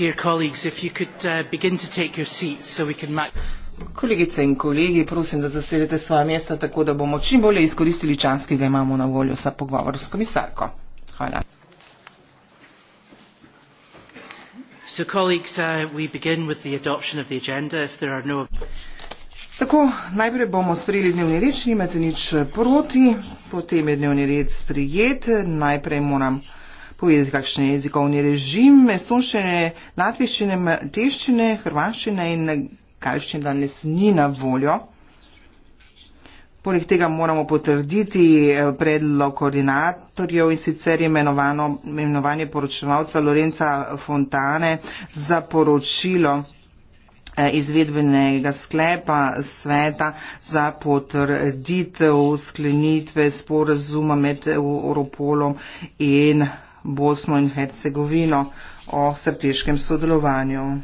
Uh, Kolegice in kolegi, prosim, da zasedete svoje mesta, tako da bomo čim bolje izkoristili čas, ki ga imamo na voljo za pogovor s komisarko. Hvala. So colleagues, uh, we begin with the adoption of the agenda. If there are no... Tako, najprej bomo sprejeli dnevni reč, nimate nič proti, potem je dnevni red sprejet, najprej moram povedati, kakšen je jezikovni režim estonščine, latviščine, teščine, hrvaščine in kakšen danes ni na voljo. Poleg tega moramo potrditi eh, predlog koordinatorjev in sicer imenovano, imenovanje poročevalca Lorenca Fontane za poročilo eh, izvedbenega sklepa sveta za potrditev sklenitve sporazuma med Europolom in uh, Bosno in Hercegovino o strateškem sodelovanju.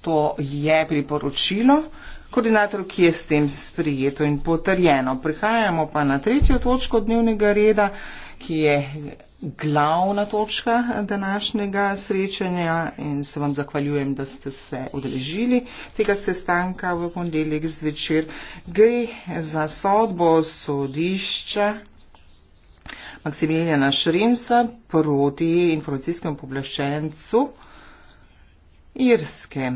To je priporočilo, koordinator, ki je s tem sprijeto in potrjeno. Prihajamo pa na tretjo točko dnevnega reda, ki je glavna točka današnjega srečanja in se vam zahvaljujem, da ste se odrežili tega sestanka v ponedeljek zvečer. Gre za sodbo sodišča. Maksimiljana Šrimsa proti informacijskemu poblaščencu Irske.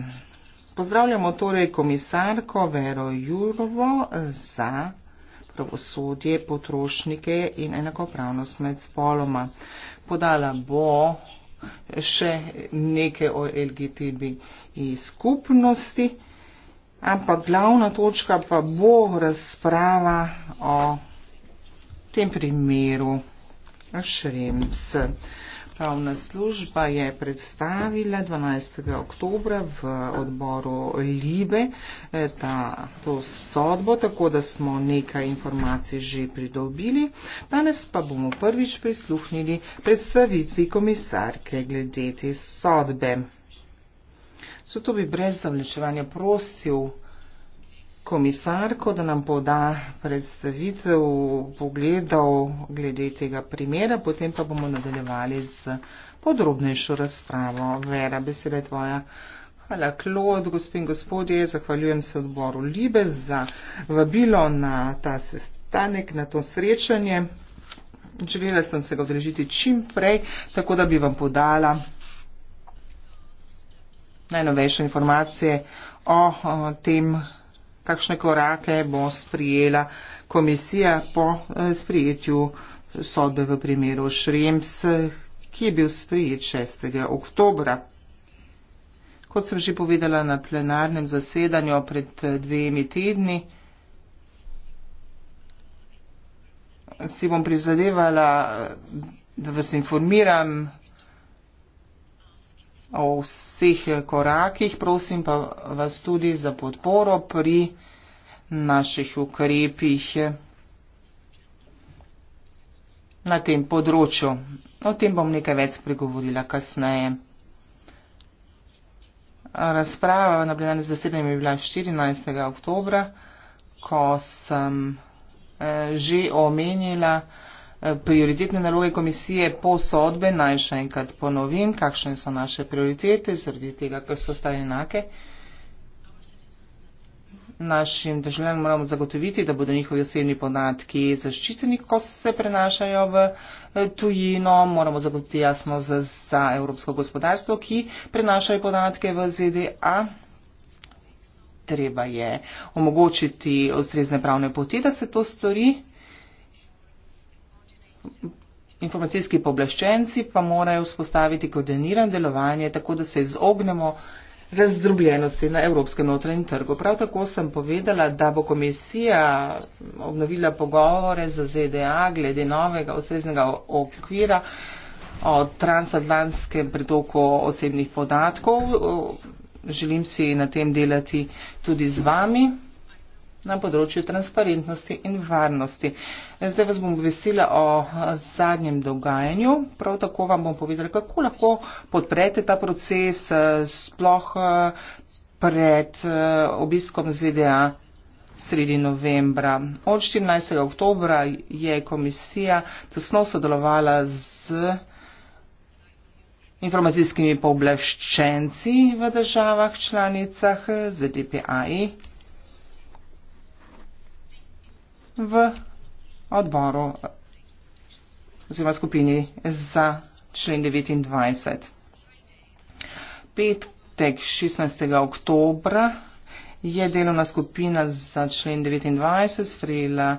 Pozdravljamo torej komisarko Vero Jurovo za pravosodje, potrošnike in enakopravnost med spoloma. Podala bo še nekaj o LGTB skupnosti, ampak glavna točka pa bo razprava o tem primeru. Šrems. Pravna služba je predstavila 12. oktober v odboru Libe eh, ta, to sodbo, tako da smo nekaj informacij že pridobili. Danes pa bomo prvič prisluhnili predstavitvi komisarke glede te sodbe. Zato bi brez zavlečevanja prosil komisarko, da nam poda predstavitev pogledov glede tega primera, potem pa bomo nadaljevali z podrobnejšo razpravo. Vera, beseda je tvoja. Hvala, Klod, gospod in gospodje, zahvaljujem se odboru Libe za vabilo na ta sestanek, na to srečanje. Želela sem se ga odrežiti čim prej, tako da bi vam podala najnovejše informacije o, o tem kakšne korake bo sprijela komisija po eh, sprijetju sodbe v primeru Šrems, ki je bil sprijet 6. oktobra. Kot sem že povedala na plenarnem zasedanju pred eh, dvemi tedni, si bom prizadevala, eh, da vas informiram o vseh korakih, prosim pa vas tudi za podporo pri naših ukrepih na tem področju. O tem bom nekaj več pregovorila kasneje. Razprava na plenarni zasedanju je bila 14. oktobra, ko sem eh, že omenila, Eh, prioritetne naloge komisije po sodbe, naj še enkrat ponovim, kakšne so naše prioritete, zaradi tega, ker so ostale enake. Našim državljanom moramo zagotoviti, da bodo njihovi osebni podatki zaščiteni, ko se prenašajo v eh, tujino. Moramo zagotoviti jasno za, za evropsko gospodarstvo, ki prenašajo podatke v ZDA. Treba je omogočiti ustrezne pravne poti, da se to stori informacijski pooblaščenci pa morajo vzpostaviti koordinirano delovanje, tako da se izognemo razdrobljenosti na evropskem notranjem trgu. Prav tako sem povedala, da bo komisija obnovila pogovore za ZDA glede novega ustreznega okvira o transatlantskem pritoku osebnih podatkov. Želim si na tem delati tudi z vami na področju transparentnosti in varnosti. Zdaj vas bom obvestila o zadnjem dogajanju, prav tako vam bom povedala, kako lahko podprete ta proces eh, sploh eh, pred eh, obiskom ZDA sredi novembra. Od 14. oktobra je komisija tesno sodelovala z informacijskimi povbleščenci v državah članicah ZDPAI v odboru oziroma skupini za člen 29. Petek 16. oktobra je delovna skupina za člen 29 sprejela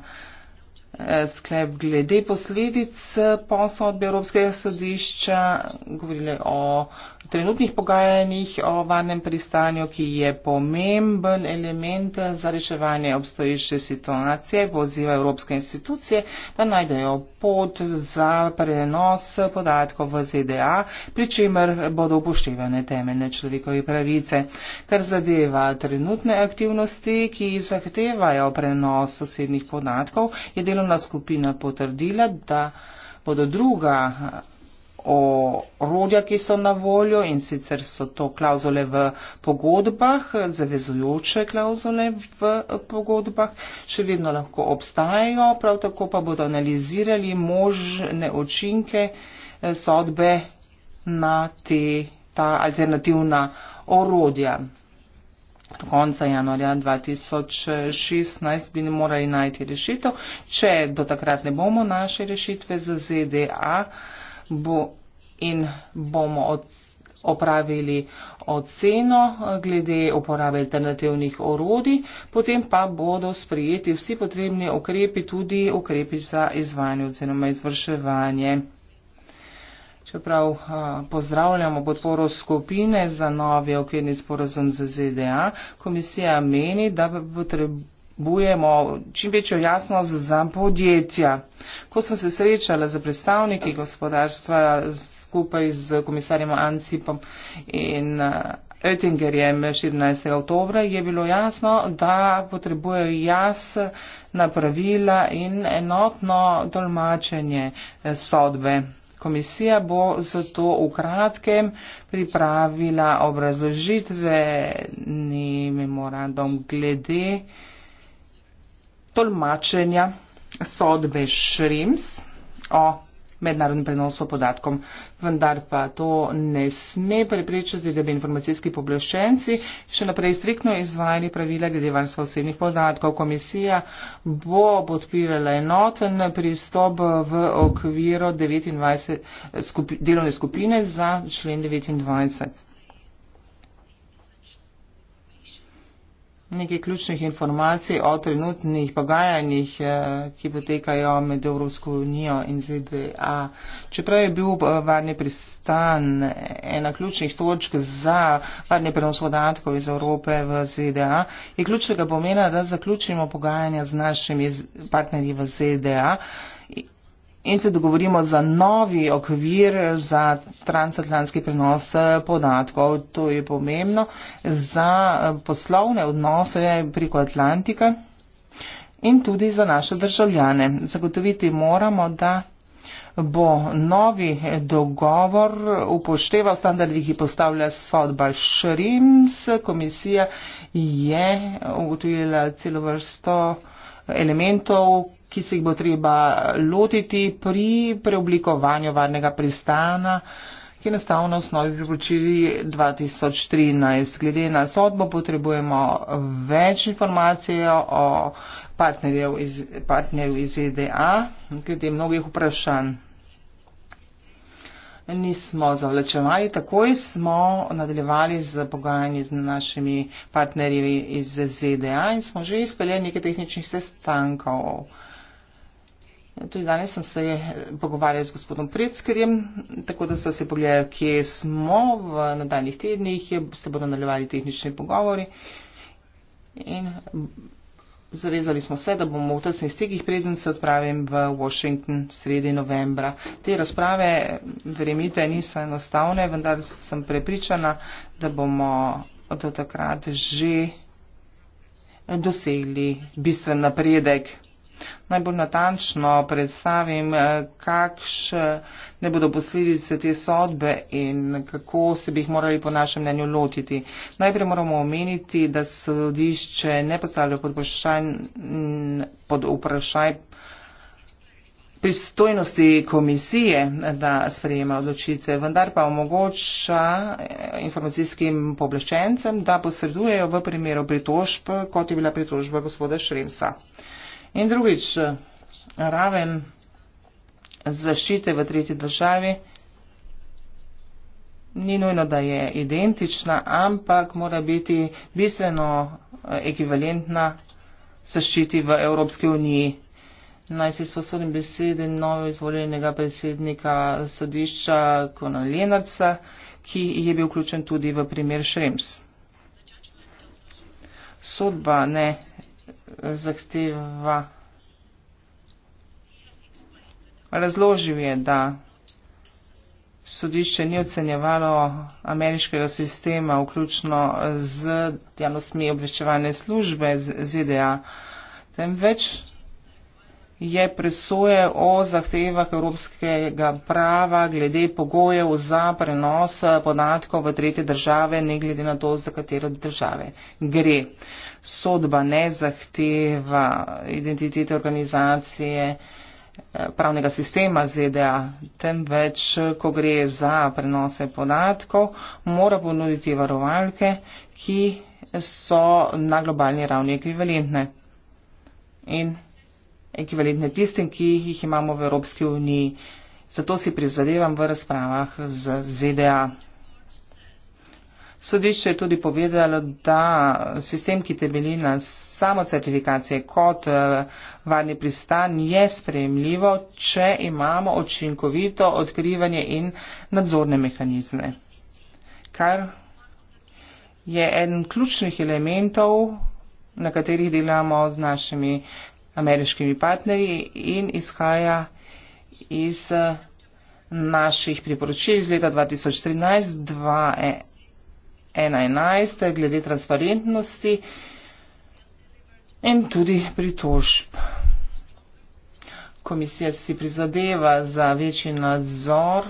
eh, sklep glede posledic eh, posodbe Evropskega sodišča, govorili o trenutnih pogajanjih o varnem pristanju, ki je pomemben element za reševanje obstoječe situacije, poziva evropske institucije, da najdejo pot za prenos podatkov v ZDA, pri čemer bodo upoštevane temeljne človekove pravice. Kar zadeva trenutne aktivnosti, ki zahtevajo prenos osebnih podatkov, je delovna skupina potrdila, da bodo druga orodja, ki so na voljo in sicer so to klauzule v pogodbah, zavezujoče klauzule v eh, pogodbah, še vedno lahko obstajajo, prav tako pa bodo analizirali možne očinke eh, sodbe na te, ta alternativna orodja. Do konca januarja 2016 bi morali najti rešitev. Če do takrat ne bomo našli rešitve za ZDA, bo, in bomo od, opravili oceno glede uporabe alternativnih orodij, potem pa bodo sprijeti vsi potrebni ukrepi, tudi ukrepi za izvajanje oziroma izvrševanje. Čeprav pozdravljamo podporo skupine za novi okvirni sporazum z ZDA, komisija meni, da bo potrebno potrebujemo čim večjo jasnost za podjetja. Ko sem se srečala z predstavniki gospodarstva skupaj z komisarjem Ancipom in eh, Oettingerjem 14. oktober, je bilo jasno, da potrebujejo jasna pravila in enotno tolmačenje eh, sodbe. Komisija bo zato v kratkem pripravila obrazložitve, ni memorandum glede tolmačenja sodbe Šrems o mednarodnem prenosu podatkom. Vendar pa to ne sme preprečiti, da bi informacijski pobleščenci še naprej striktno izvajali pravila glede varstva osebnih podatkov. Komisija bo podpirala enoten pristop v okviru 29, skupi, delovne skupine za člen 29. nekaj ključnih informacij o trenutnih pogajanjih, eh, ki potekajo med Evropsko unijo in ZDA. Čeprav je bil eh, varni pristan ena ključnih točk za varni prenos podatkov iz Evrope v ZDA, je ključnega pomena, da zaključimo pogajanja z našimi partnerji v ZDA in se dogovorimo za novi okvir za transatlantski prenos eh, podatkov. To je pomembno za eh, poslovne odnose preko Atlantika in tudi za naše državljane. Zagotoviti moramo, da bo novi dogovor upošteval standardi, ki postavlja sodba Šrims. Komisija je ugotovila celo vrsto elementov, ki se jih bo treba lotiti pri preoblikovanju varnega pristana, ki je nastal na osnovi priporočili 2013. Glede na sodbo potrebujemo več informacij o partnerju iz, partnerju iz EDA, glede mnogih vprašanj. Nismo zavlačevali, takoj smo nadaljevali z pogajanji z našimi partnerji iz ZDA in smo že izpeljali nekaj tehničnih sestankov. Tudi danes sem se pogovarjal z gospodom Predskerjem, tako da so se pogledali, kje smo v nadaljnih tednih, se bodo nalevali tehnični pogovori in zavezali smo se, da bomo v tesnih stikih preden se odpravim v Washington sredi novembra. Te razprave, verjemite, niso enostavne, vendar sem prepričana, da bomo do takrat že dosegli bistven napredek najbolj natančno predstavim, eh, kakšne bodo posledice te sodbe in kako se bi jih morali po našem mnenju lotiti. Najprej moramo omeniti, da sodišče ne postavlja pod, pod vprašaj pristojnosti komisije, da sprejema odločitve, vendar pa omogoča informacijskim pobleščencem, da posredujejo v primeru pritožb, kot je bila pritožba gospoda Šremsa. In drugič, raven zaščite v tretji državi ni nujno, da je identična, ampak mora biti bistveno eh, ekvivalentna zaščiti v Evropski uniji. Naj se sposobim besede novo izvoljenega predsednika sodišča Kona Lenarca, ki je bil vključen tudi v primer Šrems. Sodba ne zahteva. Razložil je, da sodišče ni ocenjevalo ameriškega sistema, vključno z javnostmi obveščevalne službe ZDA, temveč je presoje o zahtevah evropskega prava glede pogojev za prenos podatkov v tretje države, ne glede na to, za katero države gre. Uh, sodba ne zahteva identitete organizacije eh, pravnega sistema ZDA, temveč, ko gre za prenose podatkov, mora ponuditi varovalke, ki so na globalni ravni ekvivalentne in ekvivalentne tistim, ki jih imamo v Evropski uniji. Zato si prizadevam v razpravah z ZDA. Sodišče je tudi povedalo, da sistem, ki temelji na samo certifikacije kot eh, varni pristan, je sprejemljivo, če imamo očinkovito odkrivanje in nadzorne mehanizme, kar je en ključnih elementov, na katerih delamo z našimi ameriškimi partnerji in izhaja iz eh, naših priporočil iz leta 2013-2011. 1.11 glede transparentnosti in tudi pritožb. Komisija si prizadeva za večji nadzor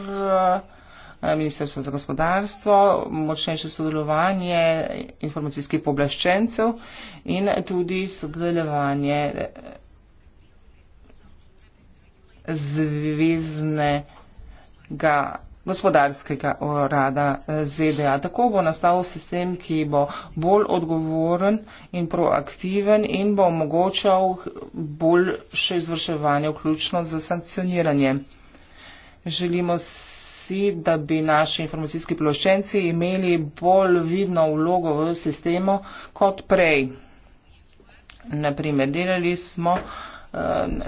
eh, Ministrstva za gospodarstvo, močnejše sodelovanje informacijskih poblaščencev in tudi sodelovanje eh, zvezdnega gospodarskega rada eh, ZDA. Tako bo nastal sistem, ki bo bolj odgovoren in proaktiven in bo omogočal boljše izvrševanje, vključno za sankcioniranje. Želimo si, da bi naši informacijski ploščenci imeli bolj vidno vlogo v sistemu kot prej. Naprimer, delali smo eh,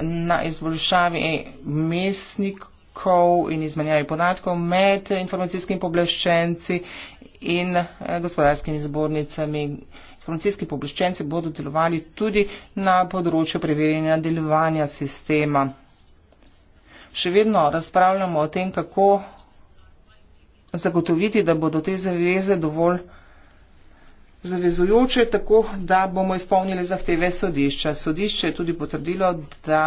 na izboljšavi mestnikov podatkov in izmenjavi podatkov med informacijskimi pobleščenci in eh, gospodarskimi zbornicami. Informacijski pobleščenci bodo delovali tudi na področju preverjanja delovanja sistema. Še vedno razpravljamo o tem, kako zagotoviti, da bodo te zaveze dovolj zavezujoče, tako da bomo izpolnili zahteve sodišča. Sodišče je tudi potrdilo, da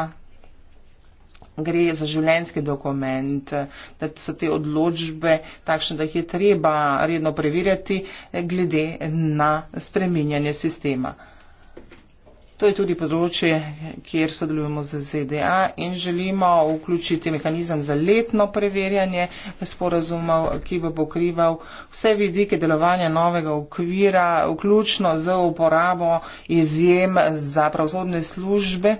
gre za življenski dokument, da so te odločbe takšne, da jih je treba redno preverjati eh, glede na spreminjanje sistema. To je tudi področje, kjer sodelujemo z ZDA in želimo vključiti mehanizem za letno preverjanje sporazumov, ki bo pokrival vse vidike delovanja novega okvira, vključno z uporabo izjem za pravzodne službe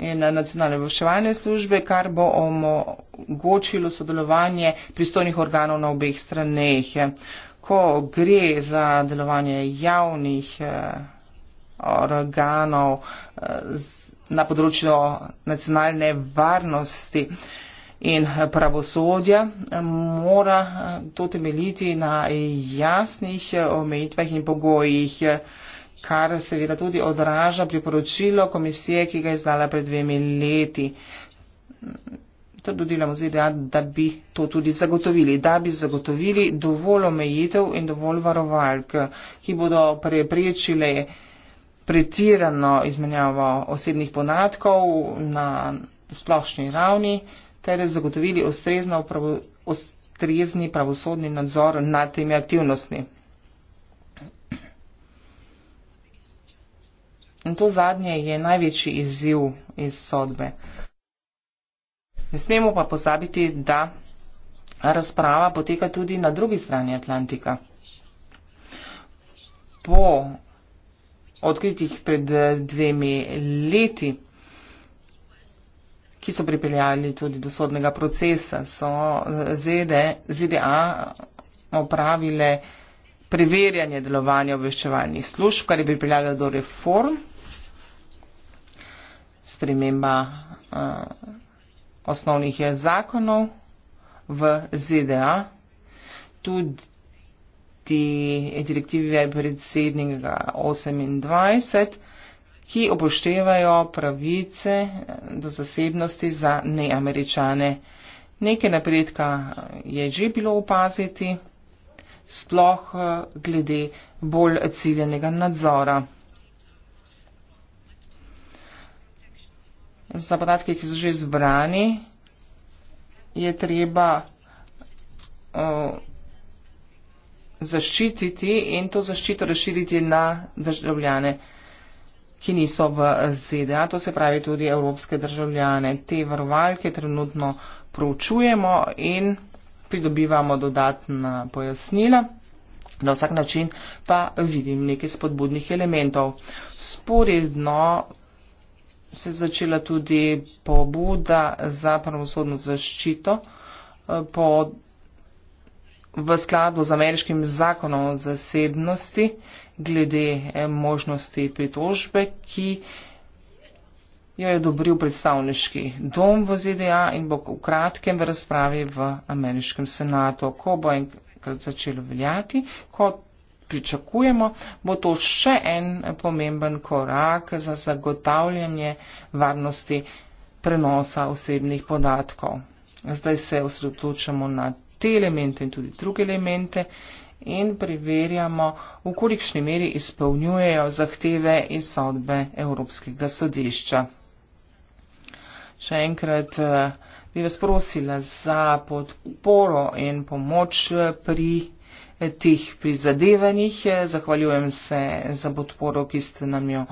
in nacionalne obveščevalne službe, kar bo omogočilo sodelovanje pristojnih organov na obeh straneh. Ko gre za delovanje javnih eh, organov eh, na področju nacionalne varnosti in pravosodja, mora eh, to temeljiti na jasnih omejitvah in pogojih kar seveda tudi odraža priporočilo komisije, ki ga je izdala pred dvemi leti. Trdodila mu ZDA, da bi to tudi zagotovili, da bi zagotovili dovolj omejitev in dovolj varovalk, ki bodo preprečile pretirano izmenjavo osebnih podatkov na splošni ravni, ter zagotovili ustrezno pravo, ustrezni pravosodni nadzor nad temi aktivnostmi. In to zadnje je največji izziv iz sodbe. Ne smemo pa pozabiti, da razprava poteka tudi na drugi strani Atlantika. Po odkritih pred dvemi leti, ki so pripeljali tudi do sodnega procesa, so ZDA opravile preverjanje delovanja obveščevalnih služb, kar je pripeljalo do reform sprememba uh, osnovnih zakonov v ZDA. Tudi direktivi je predsednika 28, ki upoštevajo pravice eh, do zasebnosti za neameričane. Nekaj napredka eh, je že bilo opaziti, sploh glede bolj ciljenega nadzora. za podatke, ki so že zbrani, je treba eh, zaščititi in to zaščito razširiti na državljane, ki niso v ZDA, to se pravi tudi evropske državljane. Te varovalke trenutno proučujemo in pridobivamo dodatna pojasnila. Na vsak način pa vidim nekaj spodbudnih elementov. Sporedno se je začela tudi pobuda za pravosodno zaščito eh, po, v skladu z ameriškim zakonom o zasebnosti glede eh, možnosti pritožbe, ki jo je odobril predstavniški dom v ZDA in bo v kratkem v razpravi v ameriškem senatu, ko bo enkrat začelo veljati, kot pričakujemo, bo to še en pomemben korak za zagotavljanje varnosti prenosa osebnih podatkov. Zdaj se osredotočamo na te elemente in tudi druge elemente in preverjamo, v kolikšni meri izpolnjujejo zahteve iz sodbe Evropskega sodišča. Še enkrat eh, bi vas prosila za podporo in pomoč pri teh prizadevanjih. Eh, zahvaljujem se za podporo, ki ste nam jo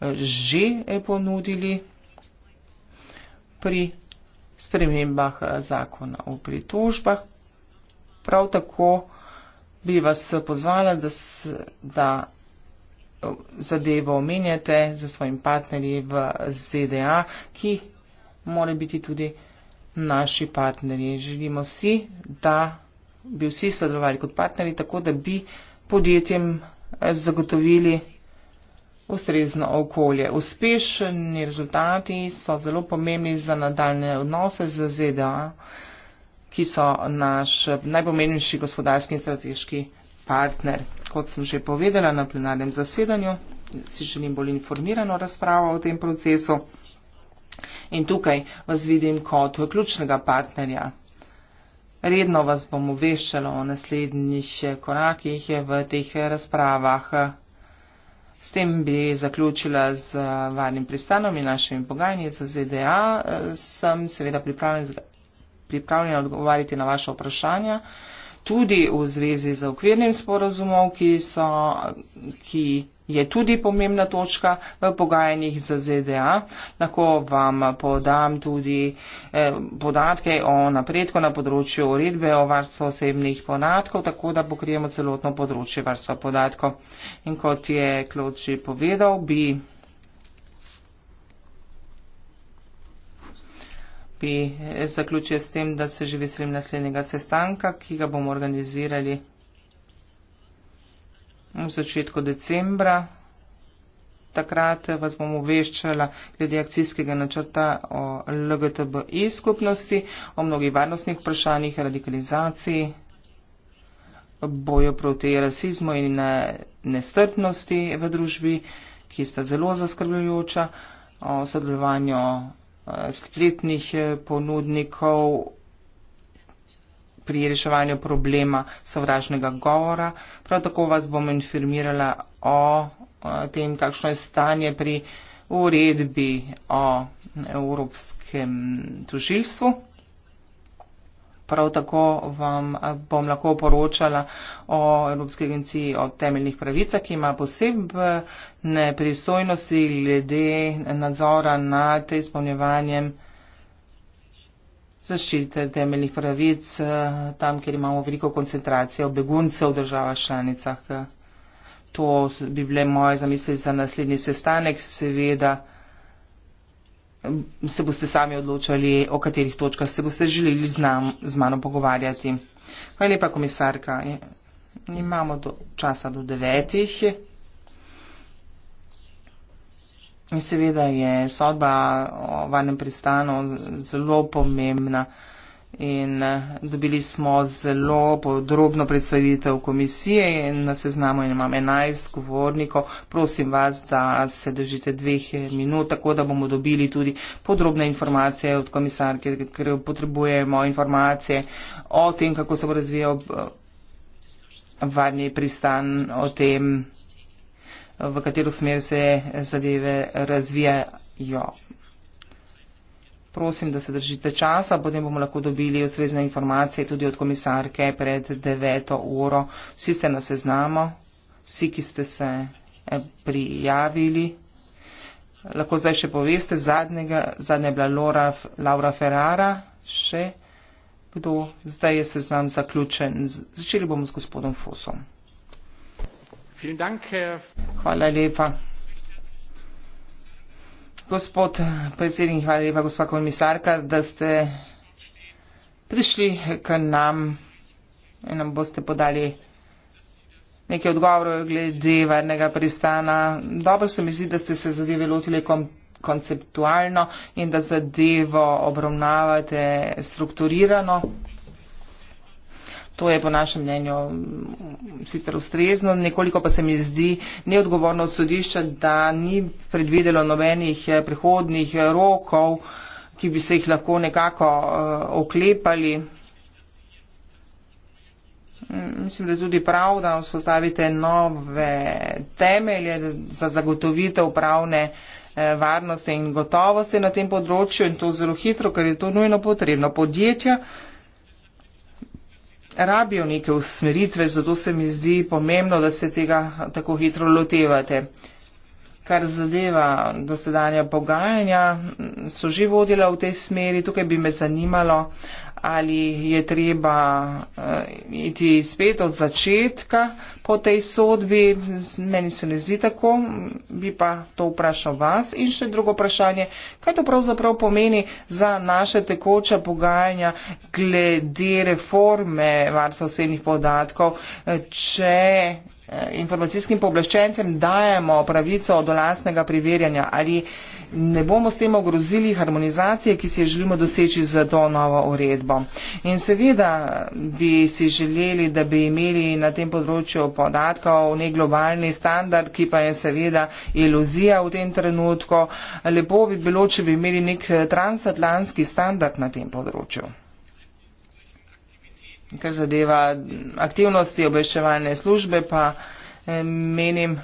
eh, že eh, ponudili pri spremembah zakona o pritožbah. Prav tako bi vas pozvala, da, se, da zadevo omenjate za svojim partnerji v ZDA, ki more biti tudi naši partnerji. Želimo si, da bi vsi sodelovali kot partneri, tako da bi podjetjem eh, zagotovili ustrezno okolje. Uspešni rezultati so zelo pomembni za nadaljne odnose z ZDA, ki so naš najpomembnejši gospodarski in strateški partner. Kot sem že povedala na plenarnem zasedanju, si želim bolj informirano razpravo o tem procesu. In tukaj vas vidim kot ključnega partnerja. Redno vas bom obveščala o naslednjih korakih v teh razpravah. S tem bi zaključila z varnim pristanom in našimi pogajanji za ZDA. Sem seveda pripravljena, pripravljena odgovarjati na vaše vprašanja, tudi v zvezi z okvirnim sporazumom, ki so. Ki je tudi pomembna točka v pogajanjih z ZDA. Lahko vam podam tudi eh, podatke o napredku na področju uredbe o varstvu osebnih podatkov, tako da pokrijemo celotno področje varstva podatkov. In kot je Kloč že povedal, bi, bi eh, zaključil s tem, da se že veselim naslednjega sestanka, ki ga bomo organizirali v začetku decembra. Takrat vas bom obveščala glede akcijskega načrta o LGTBI e skupnosti, o mnogih varnostnih vprašanjih, radikalizaciji, boju proti rasizmu in nestrpnosti v družbi, ki sta zelo zaskrbljujoča, o sodelovanju eh, spletnih eh, ponudnikov pri reševanju problema sovražnega govora. Prav tako vas bom informirala o tem, kakšno je stanje pri uredbi o Evropskem tožilstvu. Prav tako vam bom lahko poročala o Evropski agenciji o temeljnih pravicah, ki ima posebne pristojnosti glede nadzora nad izpolnjevanjem zaščite temeljnih pravic, eh, tam, kjer imamo veliko koncentracijo beguncev v državah članicah. To bi bile moje zamisli za naslednji sestanek. Seveda mm, se boste sami odločali, o katerih točkah se boste želeli z, nam, z mano pogovarjati. Hvala lepa, komisarka. Imamo do, časa do devetih. In seveda je sodba o varnem pristanu zelo pomembna in eh, dobili smo zelo podrobno predstavitev komisije in na seznamu in imam 11 govornikov. Prosim vas, da se držite dveh minut, tako da bomo dobili tudi podrobne informacije od komisarke, ker potrebujemo informacije o tem, kako se bo razvijal eh, varni pristan, o tem v katero smer se zadeve razvijajo. Prosim, da se držite časa, potem bomo lahko dobili ustrezne informacije tudi od komisarke pred 9. uro. Vsi ste na seznamo, vsi, ki ste se eh, prijavili. Lahko zdaj še poveste, zadnjega, zadnja je bila Laura, Laura Ferrara, še kdo. Zdaj je seznam zaključen. Začeli bomo s gospodom Fosom. Hvala lepa. Gospod predsednik, hvala lepa, gospa komisarka, da ste prišli k nam in nam boste podali nekaj odgovorov glede varnega pristana. Dobro se mi zdi, da ste se zadeve lotili konceptualno in da zadevo obravnavate strukturirano. To je po našem mnenju mm, sicer ustrezno, nekoliko pa se mi zdi neodgovorno od sodišča, da ni predvidelo nobenih eh, prihodnih eh, rokov, ki bi se jih lahko nekako uh, oklepali. Mm, mislim, da je tudi prav, da vzpostavite nove temelje za zagotovitev pravne varnosti in gotovosti na tem področju in to zelo hitro, ker je to nujno potrebno. Podjetja rabijo neke usmeritve, zato se mi zdi pomembno, da se tega tako hitro lotevate. Kar zadeva dosedanja pogajanja, so že vodila v tej smeri, tukaj bi me zanimalo, uh, ali je treba uh, iti spet od začetka po tej sodbi. Meni se ne zdi tako, bi pa to vprašal vas. In še drugo vprašanje, kaj to pravzaprav pomeni za naše tekoče pogajanja glede reforme varstva osebnih podatkov, eh, če eh, informacijskim pooblaščencem dajemo pravico do lastnega priverjanja ali. Uh, ne bomo s tem ogrozili harmonizacije, ki si jo želimo doseči za to novo uredbo. In seveda bi si želeli, da bi imeli na tem področju podatkov nek globalni standard, ki pa je seveda iluzija v tem trenutku. Lepo bi bilo, če bi imeli nek transatlantski standard na tem področju. Kar zadeva aktivnosti obveščevalne službe, pa eh, menim,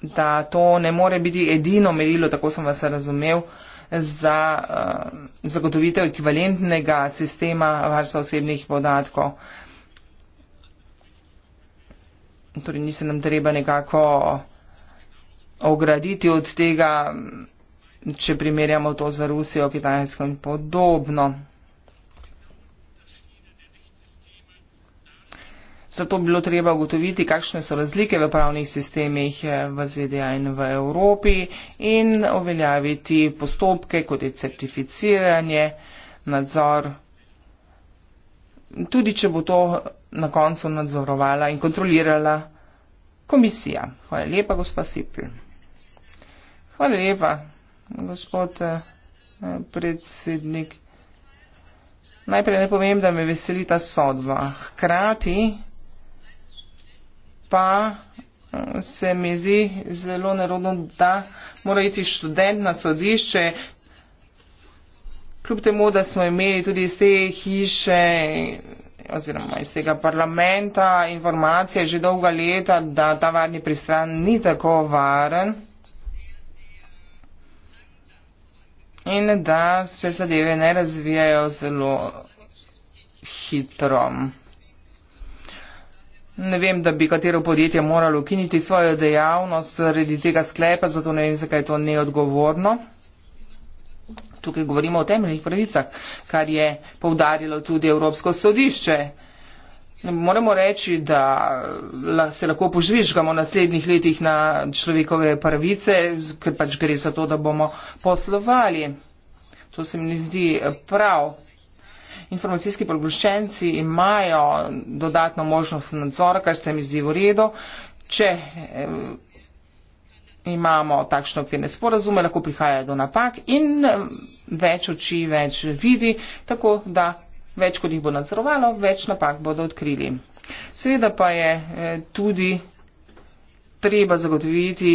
da to ne more biti edino merilo, tako sem vas razumel, za uh, zagotovitev ekvivalentnega sistema varstva osebnih podatkov. Torej, ni se nam treba nekako ograditi od tega, če primerjamo to za Rusijo, Kitajsko in podobno. Zato bi bilo treba ugotoviti, kakšne so razlike v pravnih sistemih eh, v ZDA in v Evropi in uveljaviti postopke, kot je certificiranje, nadzor, tudi če bo to na koncu nadzorovala in kontrolirala komisija. Hvala lepa, gospa Sipil. Hvala lepa, gospod eh, predsednik. Najprej ne povem, da me veseli ta sodba. Hkrati pa eh, se mi zdi zelo nerodno, da mora iti študent na sodišče, kljub temu, da smo imeli tudi iz te hiše oziroma iz tega parlamenta informacije že dolga leta, da ta varni pristran ni tako varen. In da se zadeve ne razvijajo zelo hitro. Ne vem, da bi katero podjetje moralo ukiniti svojo dejavnost zaradi tega sklepa, zato ne vem, zakaj je to neodgovorno. Tukaj govorimo o temeljnih pravicah, kar je povdarjalo tudi Evropsko sodišče. Moramo reči, da se lahko požvižgamo v naslednjih letih na človekove pravice, ker pač gre za to, da bomo poslovali. To se mi zdi prav informacijski pooblaščenci imajo dodatno možnost nadzora, kar se mi zdi v redu. Če imamo takšne okvirne sporazume, lahko prihaja do napak in več oči, več vidi, tako da več kot jih bo nadzorovalo, več napak bodo odkrili. Seveda pa je eh, tudi treba zagotoviti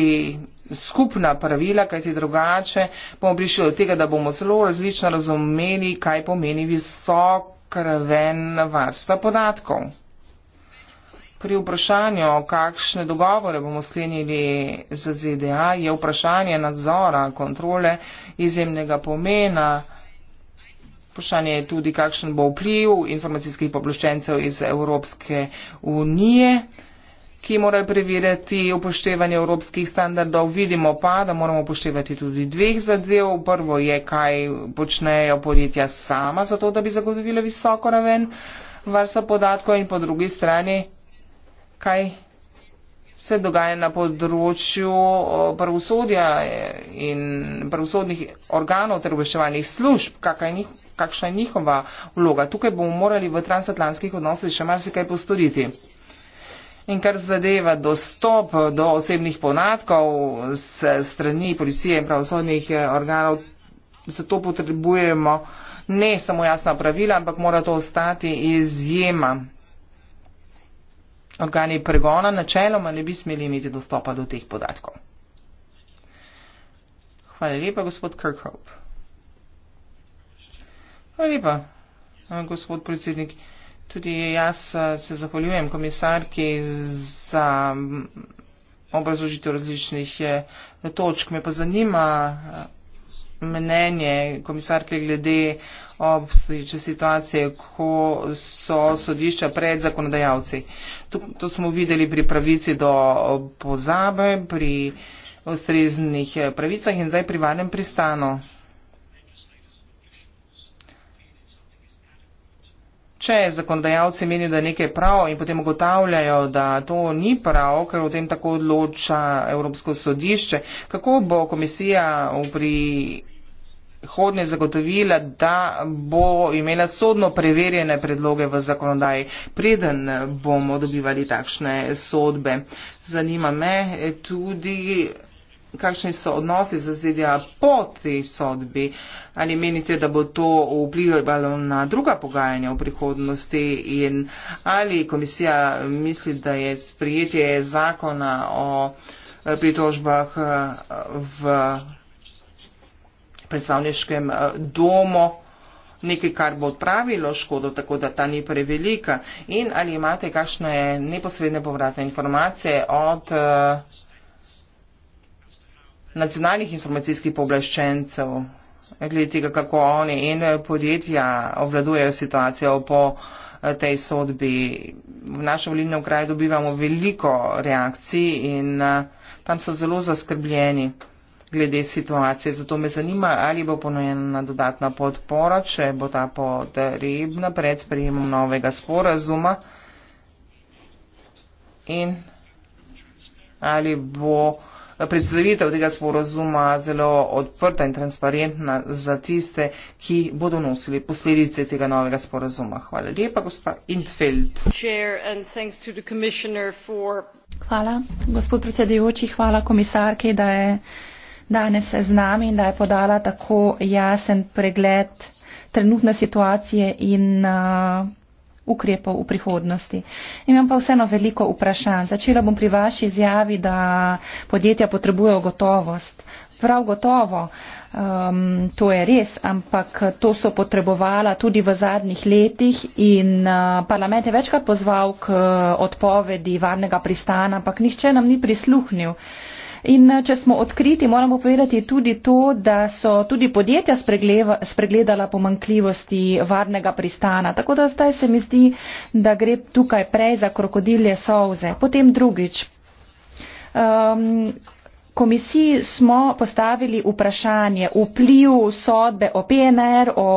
skupna pravila, kajti drugače bomo prišli do tega, da bomo zelo različno razumeli, kaj pomeni visok raven varstva podatkov. Pri vprašanju, kakšne dogovore bomo sklenili z ZDA, je vprašanje nadzora, kontrole izjemnega pomena. Vprašanje je tudi, kakšen bo vpliv informacijskih poploščencev iz Evropske unije ki morajo preverjati upoštevanje evropskih standardov. Vidimo pa, da moramo upoštevati tudi dveh zadev. Prvo je, kaj počnejo podjetja sama, zato da bi zagotovile visoko raven varstva podatkov in po drugi strani, kaj se dogaja na področju pravosodja e, in pravosodnih organov ter obveščevalnih služb, kakšna je njihova vloga. Tukaj bomo morali v transatlantskih odnosih še marsikaj postoriti. In kar zadeva dostop do osebnih ponatkov se strani policije in pravosodnih eh, organov, zato potrebujemo ne samo jasna pravila, ampak mora to ostati izjema. Organi pregona načeloma ne bi smeli imeti dostopa do teh podatkov. Hvala lepa, gospod Kirkhope. Hvala lepa, eh, gospod predsednik. Tudi jaz eh, se zahvaljujem komisarki za obrazložitev različnih eh, točk. Me pa zanima eh, mnenje komisarke glede obstoječe situacije, ko so sodišča pred zakonodajalci. To, to smo videli pri pravici do pozabe, pri ustreznih pravicah in zdaj pri varnem pristanu. Če zakonodajalci menijo, da nekaj je prav in potem ugotavljajo, da to ni prav, ker o tem tako odloča Evropsko sodišče, kako bo komisija v prihodnje zagotovila, da bo imela sodno preverjene predloge v zakonodaji, preden bomo dobivali takšne sodbe? Zanima me tudi kakšni so odnosi z ZDA po tej sodbi? Ali menite, da bo to vplivalo na druga pogajanja v prihodnosti in ali komisija misli, da je sprijetje zakona o eh, pritožbah eh, v predstavniškem eh, domu nekaj, kar bo odpravilo škodo, tako da ta ni prevelika? In ali imate kakšne neposredne povratne informacije od. Uh, nacionalnih informacijskih pooblaščencev, glede tega, kako oni in podjetja obvladujejo situacijo po eh, tej sodbi. V našem volilnem kraju dobivamo veliko reakcij in eh, tam so zelo zaskrbljeni glede situacije. Zato me zanima, ali bo ponujena dodatna podpora, če bo ta potrebna pred sprejemom novega sporazuma in ali bo uh, predstavitev tega sporozuma zelo odprta in transparentna za tiste, ki bodo nosili posledice tega novega sporozuma. Hvala lepa, gospa Intfeld. Hvala, gospod predsedujoči, hvala komisarki, da je danes z nami in da je podala tako jasen pregled trenutne situacije in uh, ukrepov v prihodnosti. Imam pa vseeno veliko vprašanj. Začela bom pri vaši izjavi, da podjetja potrebujejo gotovost. Prav gotovo, um, to je res, ampak to so potrebovala tudi v zadnjih letih in uh, parlament je večkrat pozval k uh, odpovedi varnega pristana, ampak nihče nam ni prisluhnil. Uh, In eh, če smo odkriti, moramo povedati tudi to, da so tudi podjetja spregleva, spregledala pomankljivosti varnega pristana. Tako da zdaj se mi zdi, da gre tukaj prej za krokodilje solze. Potem drugič. Um, komisiji smo postavili vprašanje vpliv sodbe o PNR, o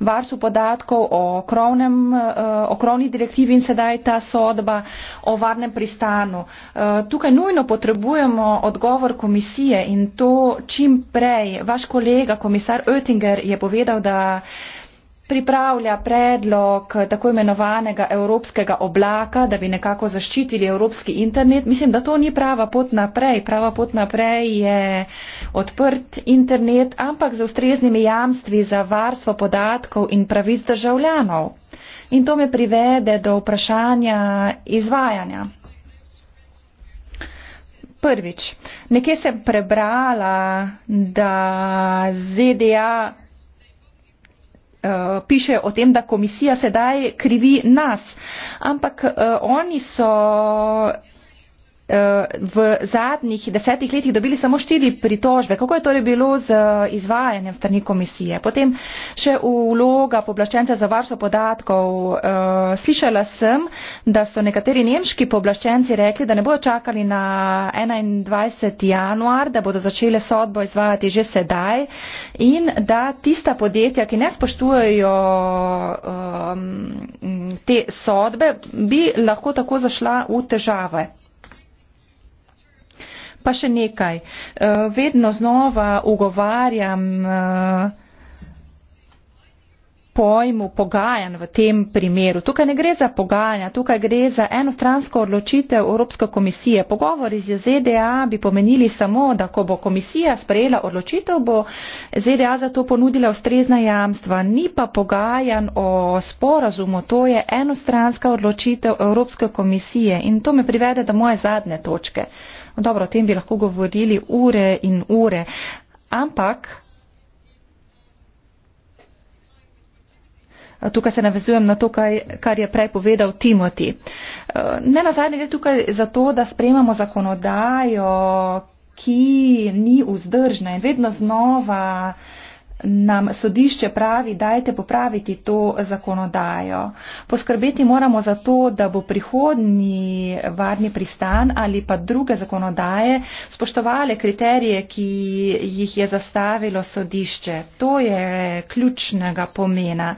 varstvu podatkov, o, krovnem, eh, o krovni direktivi in sedaj ta sodba o varnem pristanu. Eh, tukaj nujno potrebujemo odgovor komisije in to čim prej. Vaš kolega, komisar Oettinger, je povedal, da pripravlja predlog tako imenovanega evropskega oblaka, da bi nekako zaščitili evropski internet. Mislim, da to ni prava pot naprej. Prava pot naprej je odprt internet, ampak z ustreznimi jamstvi za varstvo podatkov in pravic državljanov. In to me privede do vprašanja izvajanja. Prvič, nekje sem prebrala, da ZDA Eh, piše o tem, da komisija sedaj krivi nas. Ampak eh, oni so Eh, v zadnjih desetih letih dobili samo štiri pritožbe. Kako je torej bilo z eh, izvajanjem strani komisije? Potem še vloga poblaščenca za varstvo podatkov. Eh, slišala sem, da so nekateri nemški poblaščenci rekli, da ne bodo čakali na 21. januar, da bodo začele sodbo izvajati že sedaj in da tista podjetja, ki ne spoštujejo te sodbe, bi lahko tako zašla v težave. Pa še nekaj. Eh, vedno znova ugovarjam eh, pojmu pogajan v tem primeru. Tukaj ne gre za pogajanja, tukaj gre za enostransko odločitev Evropske komisije. Pogovori z ZDA bi pomenili samo, da ko bo komisija sprejela odločitev, bo ZDA za to ponudila ustrezna jamstva. Ni pa pogajan o sporazumu, to je enostranska odločitev Evropske komisije in to me privede do moje zadnje točke. Uh, Dobro, o tem bi lahko govorili ure in ure, ampak. Tukaj se navezujem na to, kar je prej povedal Timoti. Eh, ne na zadnje gre tukaj za to, da sprejemamo zakonodajo, ki ni vzdržna in vedno znova uh, nam sodišče pravi, dajte popraviti to zakonodajo. Poskrbeti moramo za to, da bo prihodni varni pristan ali pa druge zakonodaje spoštovale kriterije, ki jih je zastavilo sodišče. To je ključnega pomena.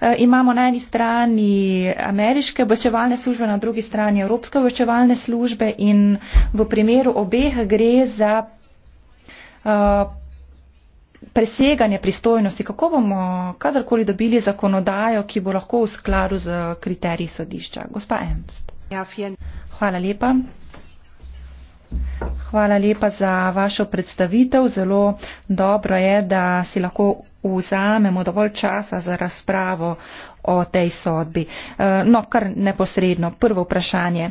E, imamo na eni strani ameriške obveščevalne službe, na drugi strani evropske obveščevalne službe in v primeru obeh gre za. Uh, preseganje pristojnosti, kako bomo kadarkoli dobili zakonodajo, ki bo lahko v skladu z kriteriji sodišča. Gospa Ernst. Ja, Hvala lepa. Hvala lepa za vašo predstavitev. Zelo dobro je, da si lahko vzamemo dovolj časa za razpravo o tej sodbi. Eh, no, kar neposredno. Prvo vprašanje.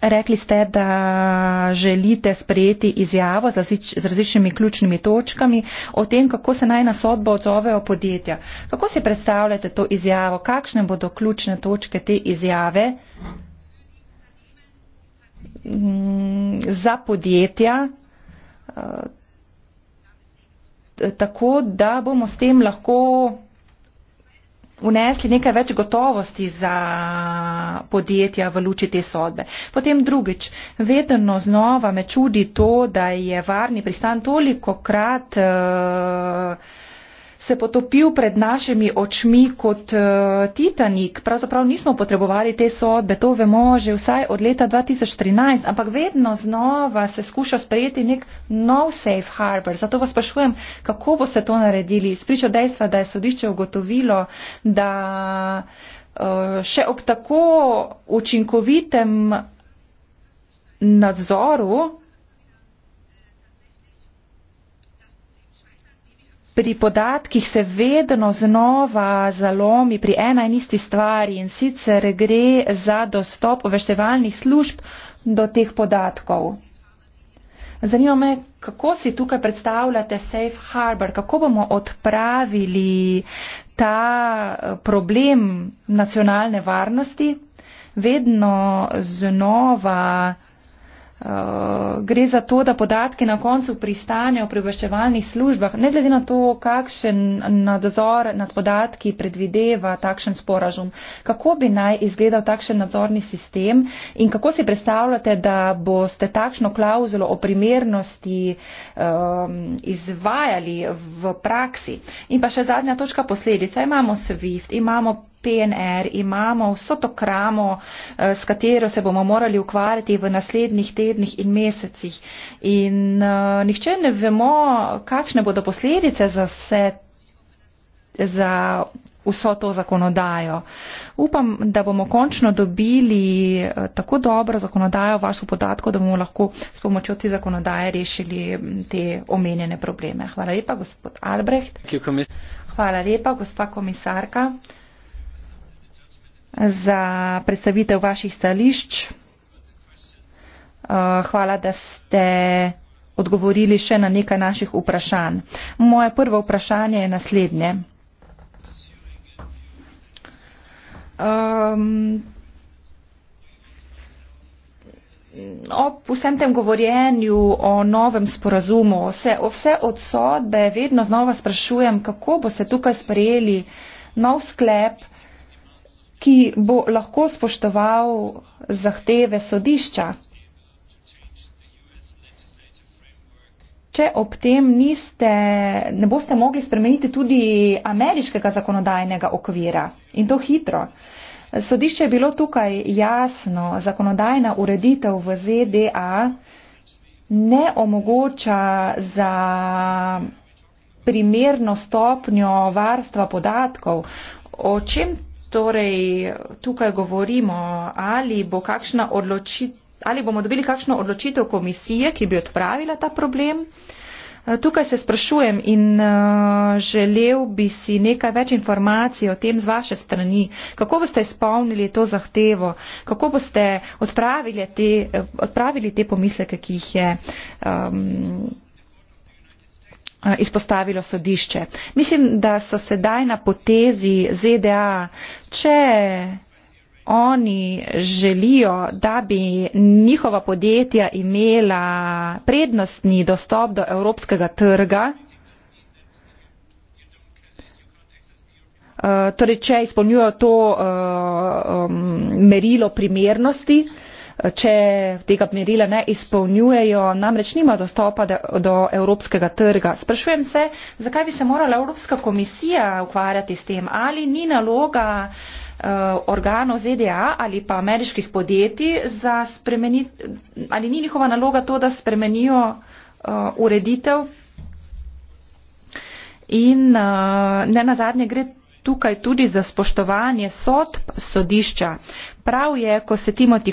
Rekli ste, da želite sprejeti izjavo z različnimi ključnimi točkami o tem, kako se naj na sodbo odzovejo podjetja. Kako si predstavljate to izjavo? Kakšne bodo ključne točke te izjave mm, za podjetja, eh, tako da bomo s tem lahko vnesli nekaj več gotovosti za podjetja v luči te sodbe. Potem drugič, vedno znova me čudi to, da je varni pristan toliko krat uh, eh, se potopil pred našimi očmi kot uh, Titanik. Pravzaprav nismo potrebovali te sodbe, to vemo že vsaj od leta 2013, ampak vedno znova se skuša sprejeti nek nov safe harbor. Zato vas sprašujem, kako boste to naredili. Spričo dejstva, da je sodišče ugotovilo, da uh, še ob tako učinkovitem nadzoru pri podatkih se vedno znova zalomi pri ena in isti stvari in sicer gre za dostop obveščevalnih služb do teh podatkov. Zanima me, kako si tukaj predstavljate Safe Harbor, kako bomo odpravili ta eh, problem nacionalne varnosti, vedno znova. Eh, gre za to, da podatki na koncu pristanejo pri obveščevalnih službah, ne glede na to, kakšen nadzor nad podatki predvideva takšen sporažum. Kako bi naj izgledal takšen nadzorni sistem in kako si predstavljate, da boste takšno klauzulo o primernosti um, izvajali v praksi? In pa še zadnja točka posledica. Imamo SWIFT, imamo PNR, imamo vso to kramo, eh, s katero se bomo morali ukvarjati v naslednjih tednih in mesecih. In uh, nihče ne vemo, kakšne bodo posledice za vse, za vso to zakonodajo. Upam, da bomo končno dobili eh, tako dobro zakonodajo vašo podatko, da bomo lahko s pomočjo te zakonodaje rešili mm, te omenjene probleme. Hvala lepa, gospod Albrecht. Hvala lepa, gospa komisarka za predstavitev vaših stališč. Eh, hvala, da ste odgovorili še na nekaj naših vprašanj. Moje prvo vprašanje je naslednje. Um, ob vsem tem govorjenju o novem sporazumu, se, o vse odsodbe, vedno znova sprašujem, kako boste tukaj sprejeli nov sklep, uh, ki bo lahko spoštoval zahteve sodišča, če ob tem niste, ne boste mogli spremeniti tudi ameriškega zakonodajnega okvira in to hitro. Sodišče je bilo tukaj jasno, zakonodajna ureditev v ZDA ne omogoča za primerno stopnjo varstva podatkov. O čem torej tukaj govorimo, ali bo kakšna odločitev. Ali bomo dobili kakšno odločitev komisije, ki bi odpravila ta problem? Eh, tukaj se sprašujem in eh, želel bi si nekaj več informacij o tem z vaše strani. Kako boste izpolnili to zahtevo? Kako boste odpravili te, eh, odpravili te pomisleke, ki jih je. Um, Eh, izpostavilo sodišče. Mislim, da so sedaj na potezi ZDA, če oni želijo, da bi njihova podjetja imela prednostni dostop do evropskega trga, eh, torej če izpolnjujo to eh, um, merilo primernosti, če tega merila ne izpolnjujejo, namreč nima dostopa do evropskega trga. Sprašujem se, zakaj bi se morala Evropska komisija ukvarjati s tem, ali ni naloga eh, organov ZDA ali pa ameriških podjetij za spremeniti, ali ni njihova naloga to, da spremenijo uh, ureditev. In uh, ne nazadnje gre tukaj tudi za spoštovanje sodb sodišča. Prav je, ko se Timoti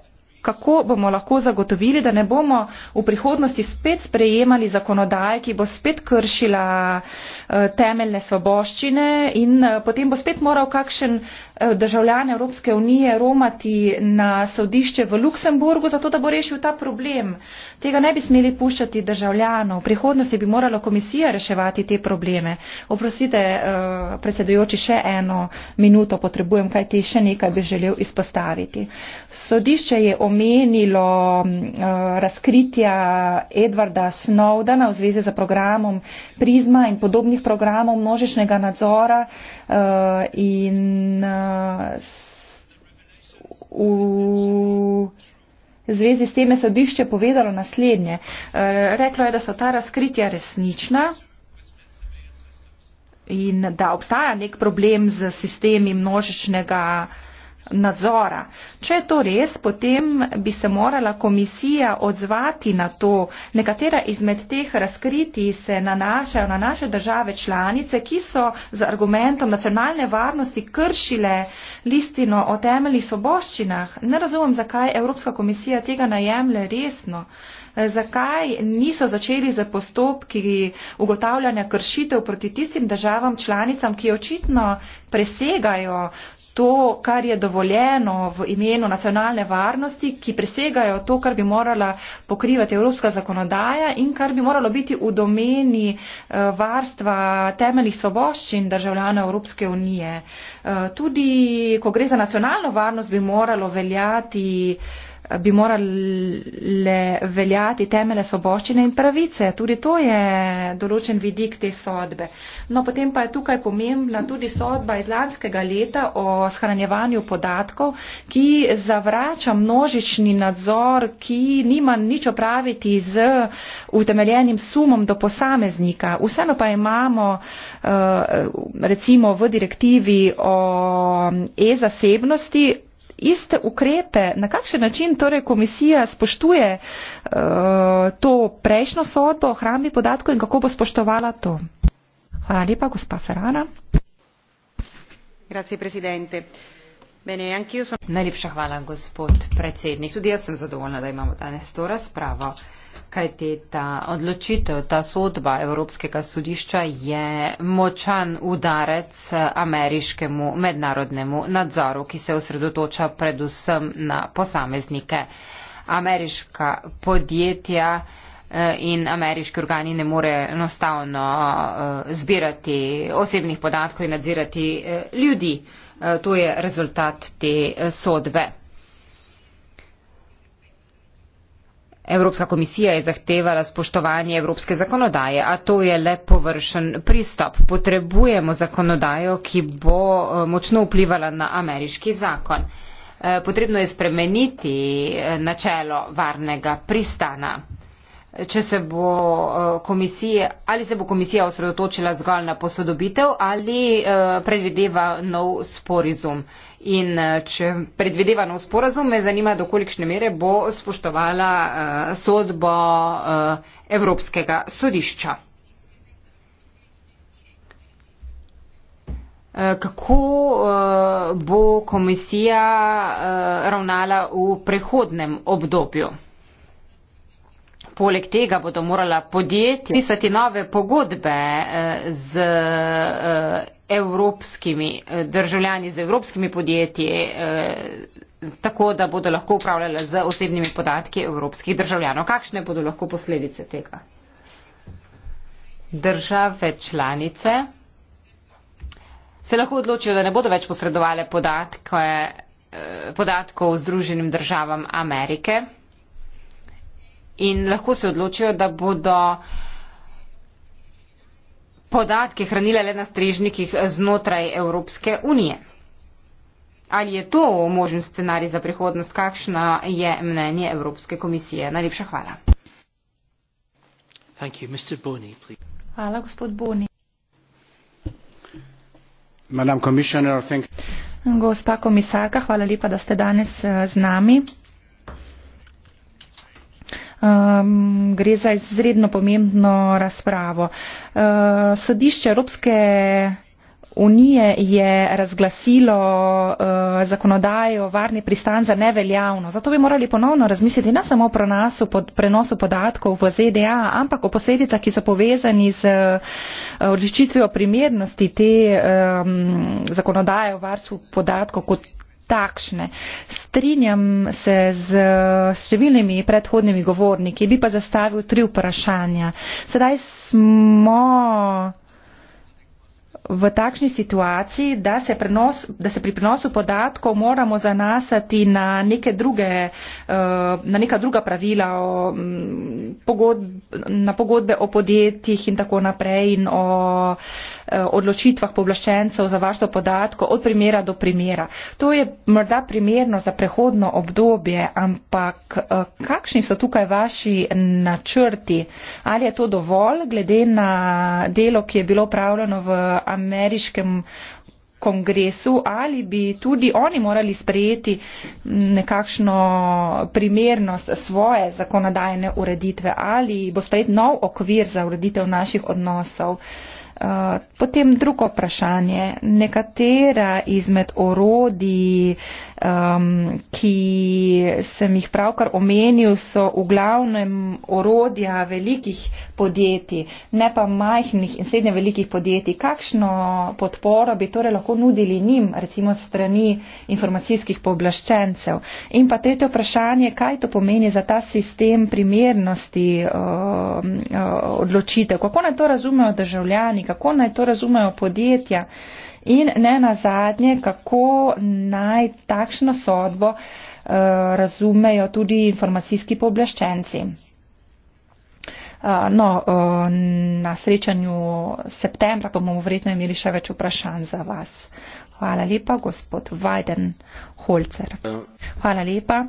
kako bomo lahko zagotovili, da ne bomo v prihodnosti spet sprejemali zakonodaje, ki bo spet kršila eh, temeljne svoboščine in eh, potem bo spet moral kakšen eh, državljan Evropske unije romati na sodišče v Luksemburgu, zato da bo rešil ta problem. Tega ne bi smeli puščati državljanov. V prihodnosti bi morala komisija reševati te probleme. Oprostite, predsedujoči, še eno minuto potrebujem, kaj ti še nekaj bi želel izpostaviti. Sodišče je pomenilo mm, eh, razkritja Edwarda Snowdena v zvezi z programom Prizma in podobnih programov množičnega nadzora eh, in eh, v zvezi s tem je sodišče povedalo naslednje. Reklo je, da so ta razkritja resnična in da obstaja nek problem z sistemi množičnega nadzora nadzora. Če je to res, potem bi se morala komisija odzvati na to. Nekatera izmed teh razkritij se nanašajo na naše države članice, ki so z argumentom nacionalne varnosti kršile listino o temeljnih svoboščinah. Ne razumem, zakaj Evropska komisija tega najemlje resno. Zakaj niso začeli za postopki ugotavljanja kršitev proti tistim državam članicam, ki očitno presegajo to, kar je dovoljeno v imenu nacionalne varnosti, ki presegajo to, kar bi morala pokrivati evropska zakonodaja in kar bi moralo biti v domeni eh, varstva temeljnih svoboščin državljanov Evropske unije. Eh, tudi, ko gre za nacionalno varnost, bi moralo veljati uh, bi morale veljati temele svoboščine in pravice. Tudi to je določen vidik te sodbe. No, potem pa je tukaj pomembna tudi sodba iz lanskega leta o shranjevanju podatkov, ki zavrača množični nadzor, ki nima nič opraviti z utemeljenim sumom do posameznika. Vseeno pa imamo eh, recimo v direktivi o e-zasebnosti iste ukrepe, na kakšen način torej komisija spoštuje uh, to prejšnjo sodbo o hrambi podatkov in kako bo spoštovala to. Hvala lepa, gospa Ferrara. Najlepša hvala, gospod predsednik. Tudi jaz sem zadovoljna, da imamo danes to razpravo. Kajti ta odločitev, ta sodba Evropskega sodišča je močan udarec ameriškemu mednarodnemu nadzoru, ki se osredotoča predvsem na posameznike. Ameriška podjetja eh, in ameriški organi ne more enostavno eh, zbirati osebnih podatkov in nadzirati eh, ljudi. To je rezultat te sodbe. Evropska komisija je zahtevala spoštovanje evropske zakonodaje, a to je le površen pristop. Potrebujemo zakonodajo, ki bo eh, močno vplivala na ameriški zakon. Eh, potrebno je spremeniti eh, načelo varnega pristana. Če se bo komisija, ali se bo komisija osredotočila zgolj na posodobitev ali predvideva nov sporizum in eh, če predvidevano v sporazum, me zanima, do kolikšne mere bo spoštovala uh, sodbo uh, Evropskega sodišča. Kako bo komisija ravnala v prehodnem obdobju? Poleg tega bodo morala podjetja pisati nove pogodbe z evropskimi eh, državljani, z evropskimi podjetji, eh, tako da bodo lahko upravljala z osebnimi podatki evropskih državljanov. Kakšne bodo lahko posledice tega? Države članice se lahko odločijo, da ne bodo več posredovali eh, podatkov Združenim državam Amerike in lahko se odločijo, da bodo podatke hranile le na strežnikih znotraj Evropske unije. Ali je to možen scenarij za prihodnost? Kakšno je mnenje Evropske komisije? Najlepša hvala. Hvala, gospod Boni. Gospa komisarka, hvala lepa, da ste danes eh, z nami um, gre za izredno pomembno razpravo. Uh, sodišče Evropske unije je razglasilo uh, zakonodajo varni pristan za neveljavno. Zato bi morali ponovno razmisliti ne samo o pronasu, pod, prenosu podatkov v ZDA, ampak o posledicah, ki so povezani z uh, eh, odličitvijo primernosti te um, zakonodaje o varstvu podatkov kot takšne. Strinjam se z številnimi predhodnimi govorniki, bi pa zastavil tri vprašanja. Sedaj smo v takšni situaciji, da se, prenos, da se pri prenosu podatkov moramo zanasati na, neke druge, eh, na neka druga pravila, o, mm, pogodbe, na pogodbe o podjetjih in tako naprej in o Eh, odločitvah povlaščencev za varstvo podatkov od primera do primera. To je morda primerno za prehodno obdobje, ampak eh, kakšni so tukaj vaši načrti? Ali je to dovolj glede na delo, ki je bilo upravljeno v ameriškem kongresu ali bi tudi oni morali sprejeti nekakšno primernost svoje zakonodajne ureditve ali bo sprejet nov okvir za ureditev naših odnosov uh, Eh, potem drugo vprašanje. Nekatera izmed orodij um, ki sem jih pravkar omenil, so v glavnem orodja velikih podjetij, ne pa majhnih in srednje velikih podjetij. Kakšno podporo bi torej lahko nudili njim, recimo strani informacijskih pooblaščencev? In pa tretje vprašanje, kaj to pomeni za ta sistem primernosti um, uh, odločitev? Kako naj to razumejo državljani, kako naj to razumejo podjetja? in ne nazadnje, kako naj takšno sodbo eh, razumejo tudi informacijski pobleščenci. Eh, no, eh, na srečanju septembra pa bomo verjetno imeli še več vprašanj za vas. Hvala lepa, gospod Vajden Holzer. Hvala lepa,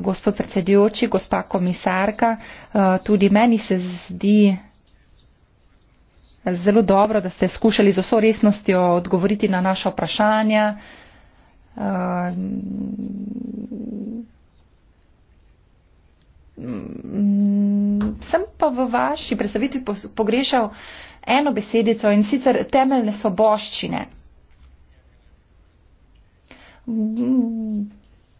gospod predsedujoči, gospa komisarka. Tudi meni se zdi zelo dobro, da ste skušali z vso resnostjo odgovoriti na naša vprašanja. Ehm, sem pa v vaši predstavitvi pogrešal eno besedico in sicer temeljne soboščine.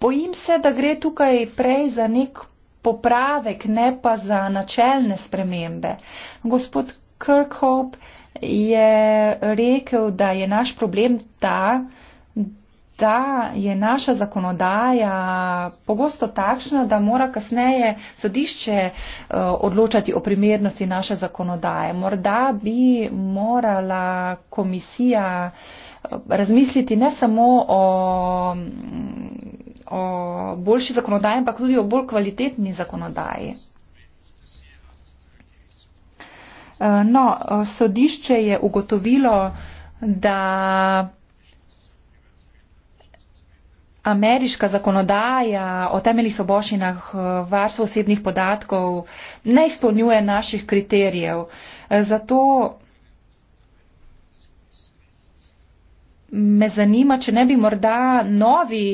Bojim se, da gre tukaj prej za nek popravek, ne pa za načelne spremembe. Gospod Kirkhope je rekel, da je naš problem ta, da je naša zakonodaja pogosto takšna, da mora kasneje sodišče eh, odločati o primernosti naše zakonodaje. Morda bi morala komisija eh, razmisliti ne samo o, mm, o boljši zakonodaji, ampak tudi o bolj kvalitetni zakonodaji. Eh, no, sodišče je ugotovilo, da ameriška zakonodaja o temeljih soboščinah eh, varstva osebnih podatkov ne izpolnjuje naših kriterijev. Eh, zato me zanima, če ne bi morda novi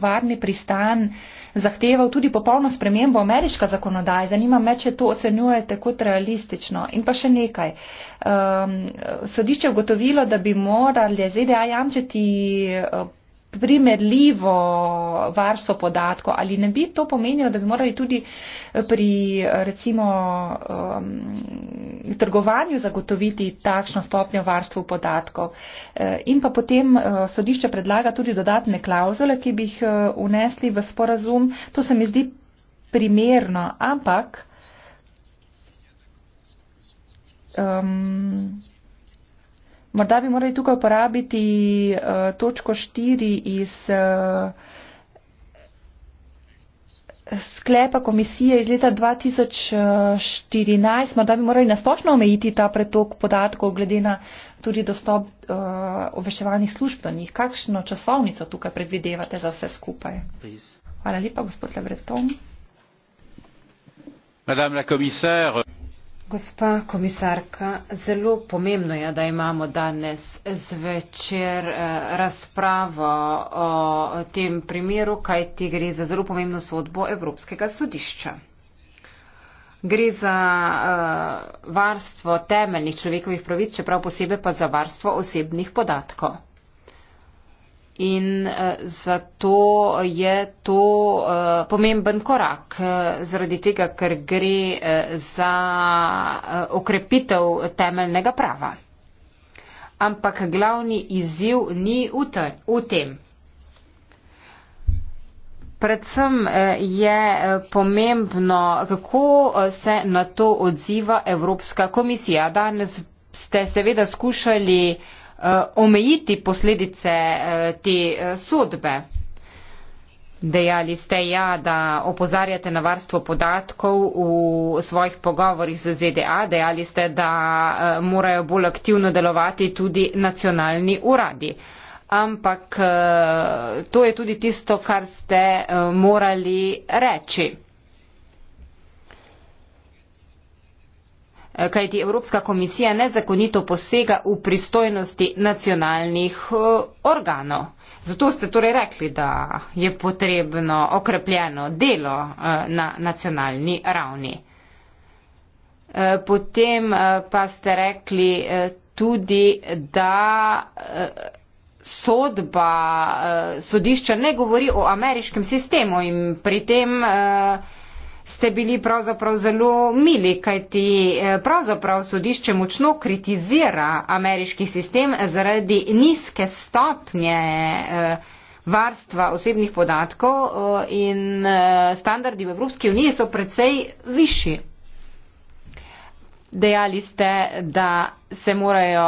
varni pristan uh, zahteval tudi popolno spremembo ameriške zakonodaje. Zanima me, če to ocenjujete kot realistično. In pa še nekaj. Um, sodišče je ugotovilo, da bi morali ZDA jamčiti eh, primerljivo varstvo podatkov ali ne bi to pomenilo, da bi morali tudi pri recimo um, trgovanju zagotoviti takšno stopnjo varstva podatkov. Eh, in pa potem eh, sodišče predlaga tudi dodatne klauzule, ki bi jih unesli eh, v sporazum. To se mi zdi primerno, ampak. Um, Morda bi morali tukaj uporabiti uh, točko 4 iz uh, sklepa komisije iz leta 2014. Eh, Morda bi morali nasplošno omejiti ta pretok podatkov glede na tudi dostop uh, obveševalnih služb do njih. Kakšno časovnico tukaj predvidevate za vse skupaj? Please. Hvala lepa, gospod Lebreton. Madame la commissaire. Gospa komisarka, zelo pomembno je, da imamo danes zvečer eh, razpravo o tem primeru, kaj ti gre za zelo pomembno sodbo Evropskega sodišča. Gre za uh, varstvo temeljnih človekovih pravic, čeprav posebej pa za varstvo osebnih podatkov in eh, zato je to eh, pomemben korak, eh, zaradi tega, ker gre za okrepitev temeljnega prava. Ampak glavni izziv ni v tem. Predvsem je pomembno, kako se na to odziva Evropska komisija. Danes ste seveda skušali uh, Eh, omejiti posledice eh, te eh, sodbe. Dejali ste ja, da opozarjate na varstvo podatkov v svojih pogovorih z ZDA, dejali ste, da morajo bolj aktivno delovati tudi nacionalni uradi. Ampak to je tudi tisto, kar ste morali reči. Eh, kajti Evropska komisija nezakonito posega v pristojnosti nacionalnih eh, organov. Zato ste torej rekli, da je potrebno okrepljeno delo eh, na nacionalni ravni. Potem pa ste rekli tudi, da sodba sodišča ne govori o ameriškem sistemu in pri tem ste bili pravzaprav zelo mili, kajti eh, pravzaprav sodišče močno kritizira ameriški sistem zaradi nizke stopnje eh, varstva osebnih podatkov eh, in standardi v Evropski uniji so precej višji. Dejali ste, da se morajo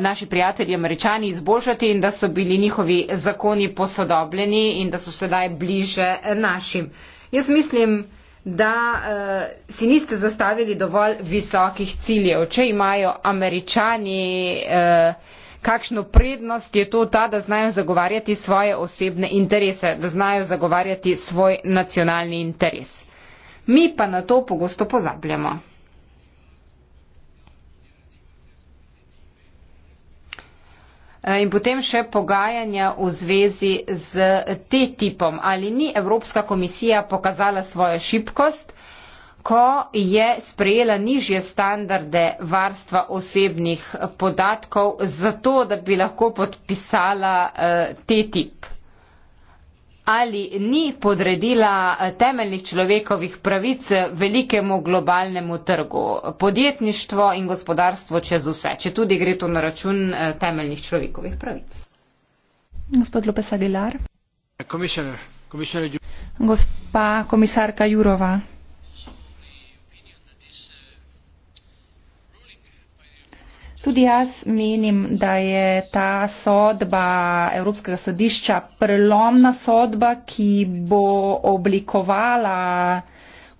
naši prijatelji američani izboljšati in da so bili njihovi zakoni posodobljeni in da so sedaj bliže našim. Jaz mislim, da uh, si niste zastavili dovolj visokih ciljev. Če imajo američani uh, kakšno prednost, je to ta, da znajo zagovarjati svoje osebne interese, da znajo zagovarjati svoj nacionalni interes. Mi pa na to pogosto pozabljamo. Eh, in potem še pogajanja v zvezi z te tipom. Ali ni Evropska komisija pokazala svojo šibkost, ko je sprejela nižje standarde varstva osebnih podatkov, zato da bi lahko podpisala eh, te tip? ali ni podredila eh, temeljnih človekovih pravic eh, velikemu globalnemu trgu, podjetništvo in gospodarstvo čez vse, če tudi gre to na račun eh, temeljnih človekovih pravic. Gospod Lopes Aguilar. Gospa komisarka Jurova. Tudi jaz menim, da je ta sodba Evropskega sodišča prelomna sodba, ki bo oblikovala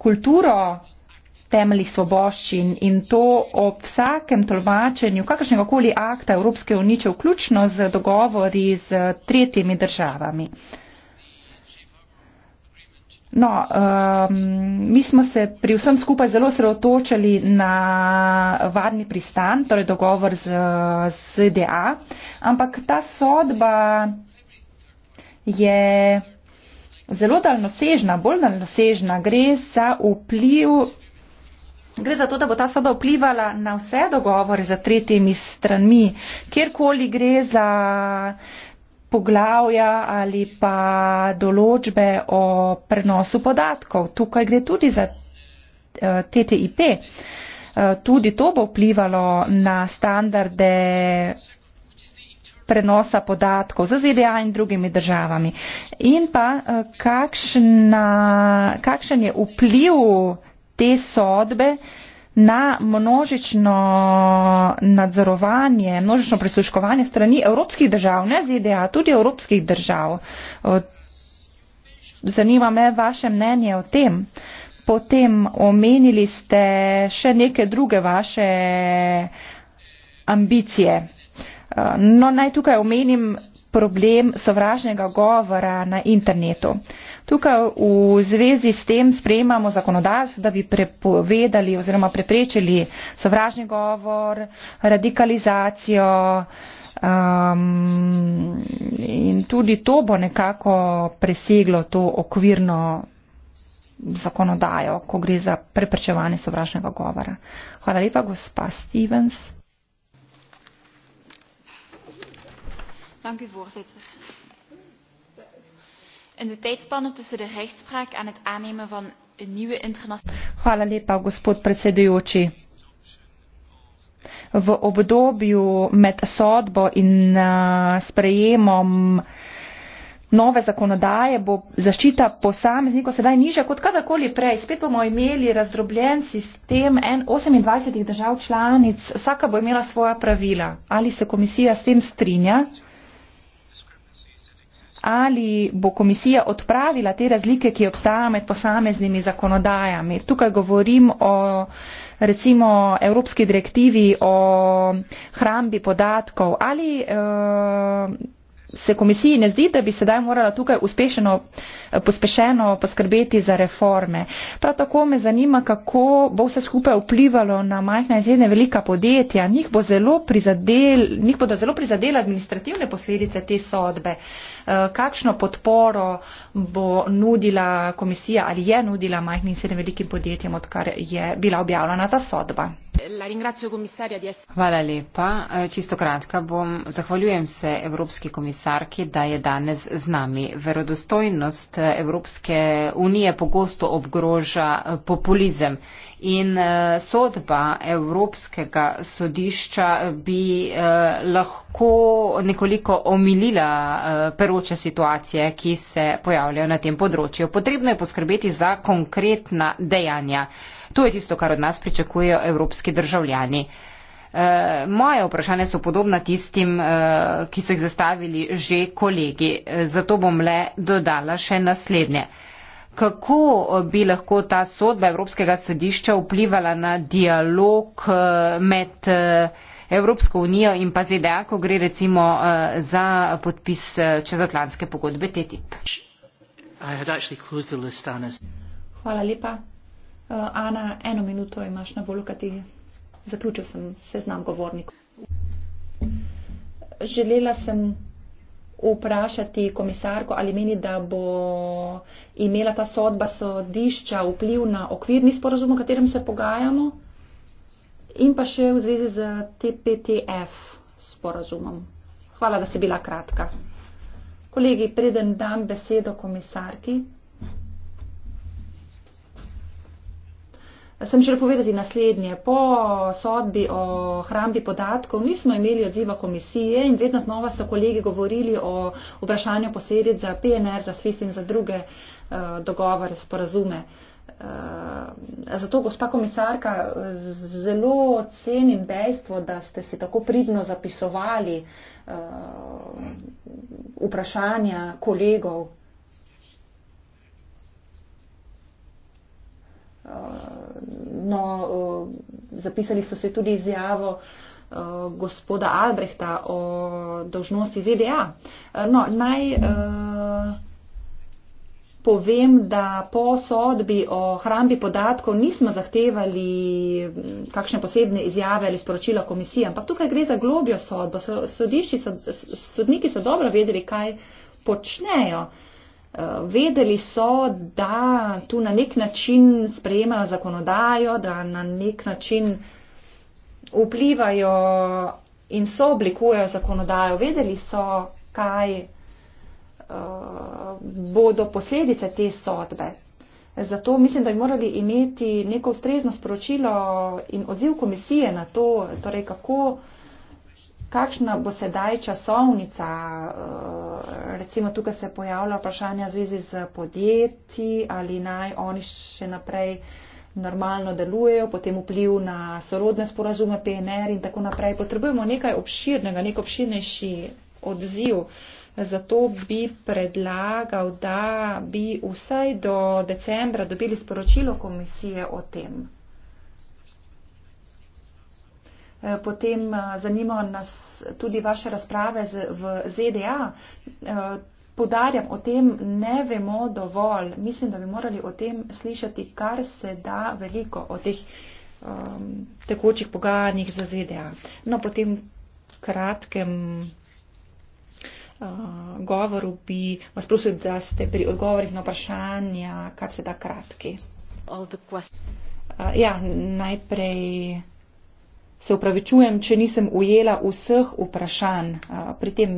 kulturo temeljih svoboščin in to ob vsakem tolmačenju kakršnega koli akta Evropske unije, vključno z dogovori z tretjimi državami. No, um, mi smo se pri vsem skupaj zelo sredotočali na varni pristan, torej dogovor z ZDA, ampak ta sodba je zelo daljnosežna, bolj daljnosežna. Gre za vpliv. Gre za to, da bo ta soba vplivala na vse dogovore za tretjimi stranmi, kjerkoli gre za uh, poglavja ali pa določbe o prenosu podatkov. Tukaj gre tudi za eh, TTIP. Eh, tudi to bo vplivalo na standarde prenosa podatkov z ZDA in drugimi državami. In pa eh, kakšna, kakšen je vpliv te sodbe uh, na množično nadzorovanje, množično prisluškovanje strani evropskih držav, ne ZDA, tudi evropskih držav. Zanima me vaše mnenje o tem. Potem omenili ste še neke druge vaše ambicije. No, naj tukaj omenim problem sovražnega govora na internetu. Uh, Tukaj v zvezi s tem sprejemamo zakonodajstvo, da bi prepovedali oziroma preprečili sovražni govor, radikalizacijo um, in tudi to bo nekako preseglo to okvirno zakonodajo, ko gre za preprečevanje sovražnega govora. Hvala lepa, gospa Stevens. Danke, Vorsitzende in de tijdspanne tussen de rechtspraak en het aannemen van een nieuwe internationale. V obdobju med sodbo in uh, sprejemom nove zakonodaje bo zaščita posameznikov sedaj nižja kot kadarkoli prej. Spet bomo imeli razdrobljen sistem 28 držav članic, vsaka bo imela svoja pravila. Ali se komisija s tem strinja? ali bo komisija odpravila te razlike, ki obstajajo med posameznimi zakonodajami. Tukaj govorim o recimo Evropski direktivi o hrambi podatkov. Ali uh, se komisiji ne zdi, da bi sedaj morala tukaj uspešeno, eh, pospešeno poskrbeti za reforme? Prav tako me zanima, kako bo vse skupaj vplivalo na majhna in srednje velika podjetja. Njih, bo zelo prizadel, njih bodo zelo prizadela administrativne posledice te sodbe. Uh, Eh, kakšno podporo bo nudila komisija ali je nudila majhnim in srednjim velikim podjetjem, odkar je bila objavljena ta sodba. Hvala lepa. Eh, čisto kratka bom. Zahvaljujem se Evropski komisarki, da je danes z nami. Verodostojnost eh, Evropske unije pogosto obgroža populizem in uh, sodba Evropskega sodišča bi uh, lahko nekoliko omilila uh, peroče situacije, ki se pojavljajo na tem področju. Potrebno je poskrbeti za konkretna dejanja. To je tisto, kar od nas pričakujejo evropski državljani. E, moje vprašanje so podobna tistim, e, ki so jih zastavili že kolegi. E, zato bom le dodala še naslednje. E, kako eh, bi lahko ta sodba Evropskega sodišča vplivala na dialog eh, med eh, Evropsko unijo in pa ZDA, ko gre recimo za podpis čezatlantske pogodbe TTIP. List, Hvala lepa. Ana, eno minuto imaš na voljo, kaj ti zaključil sem seznam govornikov. Želela sem vprašati komisarko, ali meni, da bo imela ta sodba sodišča vpliv na okvirni sporozum, o katerem se pogajamo, in pa še v zvezi z TPTF sporozumom. Hvala, da si bila kratka. Kolegi, preden dam besedo komisarki, Sem želel povedati naslednje. Po sodbi o hrambi podatkov nismo imeli odziva komisije in vedno znova so kolegi govorili o vprašanju posledic za PNR, za SWIFT in za druge uh, dogovore, sporazume. Uh, zato, gospa komisarka, zelo cenim dejstvo, da ste si tako pridno zapisovali uh, vprašanja kolegov, Eh, no, eh, zapisali so se tudi izjavo eh, gospoda Albrehta o dožnosti ZDA. No, naj povem, da po sodbi o hrambi podatkov nismo zahtevali mm, kakšne posebne izjave ali sporočila komisije, ampak tukaj gre za globjo sodbo. Sodišči, sodniki so dobro vedeli, kaj počnejo vedeli so, da tu na nek način sprejemajo zakonodajo, da na nek način vplivajo in so oblikujejo zakonodajo. Vedeli so, kaj eh, bodo posledice te sodbe. Zato mislim, da bi morali imeti neko ustrezno sporočilo in odziv komisije na to, torej kako kakšna bo sedaj časovnica, eh, recimo tukaj se pojavlja vprašanja v zvezi z podjetji, ali naj oni še naprej normalno delujejo, potem vpliv na sorodne sporazume PNR in tako naprej. Potrebujemo nekaj obširnega, nek obširnejši odziv. Zato bi predlagal, da bi vsaj do decembra dobili sporočilo komisije o tem. Eh, potem eh, zanimajo nas tudi vaše razprave v ZDA. Eh, Podarjam, o tem ne vemo dovolj. Mislim, da bi morali o tem slišati, kar se da veliko o teh um, tekočih pogajanjih za ZDA. No, po tem kratkem uh, govoru bi vas prosil, da ste pri odgovorih na vprašanja, kar se da kratki. Uh, ja, najprej se upravičujem, če nisem ujela vseh vprašanj. Pri tem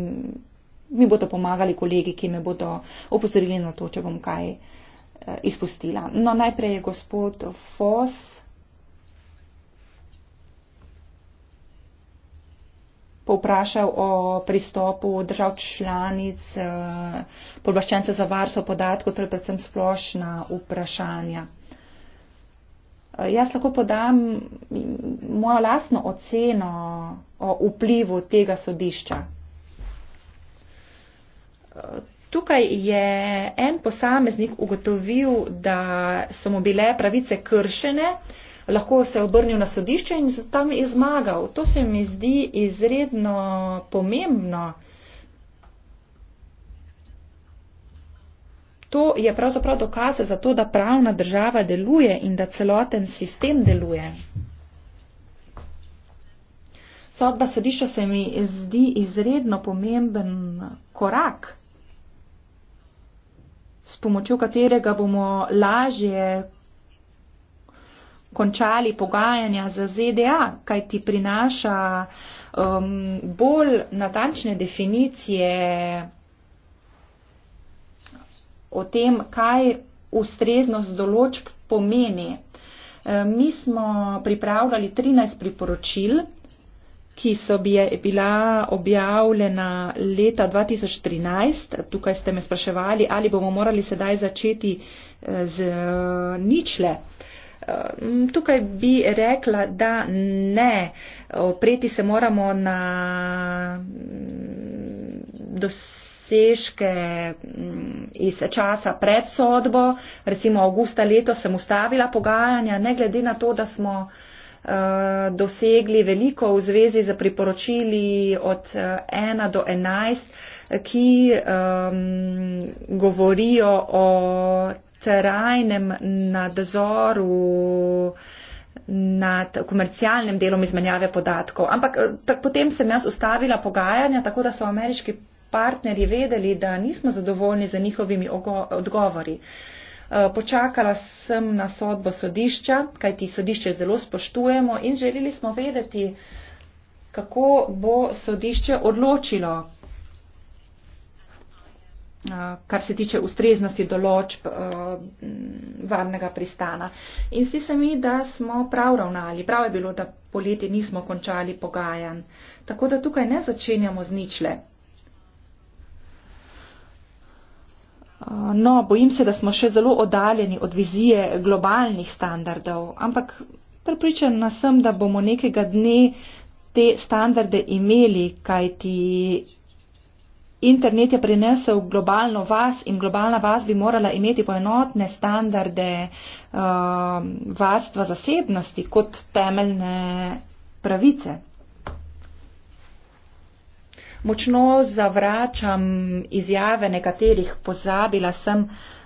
mi bodo pomagali kolegi, ki me bodo opozorili na to, če bom kaj e, izpustila. No, najprej je gospod Fos. povprašal o pristopu držav članic, eh, podvaščence za varstvo podatkov, torej predvsem splošna vprašanja. Eh, jaz lahko podam mojo lastno oceno o vplivu tega sodišča. Eh, tukaj je en posameznik ugotovil, da so mu bile pravice kršene, lahko se je obrnil na sodišče in tam je zmagal. To se mi zdi izredno pomembno. to je pravzaprav dokaz za to, da pravna država deluje in da celoten sistem deluje. Sodba sodišča se mi zdi izredno pomemben korak, s pomočjo katerega bomo lažje končali pogajanja z ZDA, kaj ti prinaša um, bolj natančne definicije o tem, kaj ustreznost določb pomeni. Eh, mi smo pripravljali 13 priporočil, ki so bila objavljena leta 2013. Tukaj ste me spraševali, ali bomo morali sedaj začeti eh, z eh, ničle. Tukaj bi rekla, da ne. Opreti se moramo na mm, dosežek dosežke mm, iz časa pred sodbo. Recimo avgusta leto sem ustavila pogajanja, ne glede na to, da smo eh, dosegli veliko v zvezi z priporočili od 1 eh, do 11, ki um, govorijo o trajnem nadzoru nad komercialnim delom izmenjave podatkov. Ampak eh, tak, potem sem jaz ustavila pogajanja, tako da so ameriški partnerji vedeli, da nismo zadovoljni za njihovimi odgovori. Eh, počakala sem na sodbo sodišča, kajti sodišče zelo spoštujemo in želeli smo vedeti, kako bo sodišče odločilo, eh, kar se tiče ustreznosti določb eh, varnega pristana. In zdi se mi, da smo prav ravnali. Prav je bilo, da poleti nismo končali pogajanj. Tako da tukaj ne začenjamo z ničle. Eh, no, bojim se, da smo še zelo oddaljeni od vizije globalnih standardov, ampak pripričan sem, da bomo nekega dne te standarde imeli, kajti internet je prinesel globalno vas in globalna vas bi morala imeti poenotne standarde uh, varstva zasebnosti kot temeljne pravice. Močno zavračam izjave nekaterih, pozabila sem,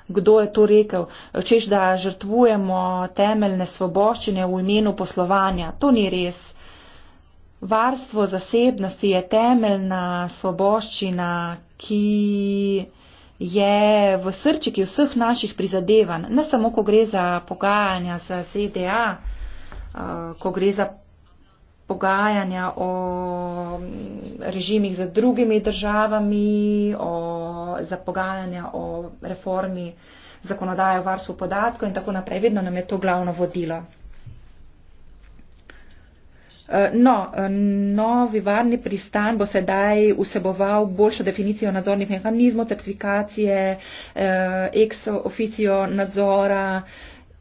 kdo je to rekel, češ da žrtvujemo temeljne svoboščine v imenu poslovanja. To ni res. Varstvo zasebnosti je temeljna svoboščina, ki je v srčiki vseh naših prizadevanj, ne samo, ko gre za pogajanja za ZDA, eh, ko gre za pogajanja o režimih za drugimi državami, o, za pogajanja o reformi zakonodaje o varstvu podatkov in tako naprej. Vedno nam je to glavno vodilo. E, no, e, novi varni pristan bo sedaj vseboval boljšo definicijo nadzornih mehanizmov, certifikacije, e, ex officio nadzora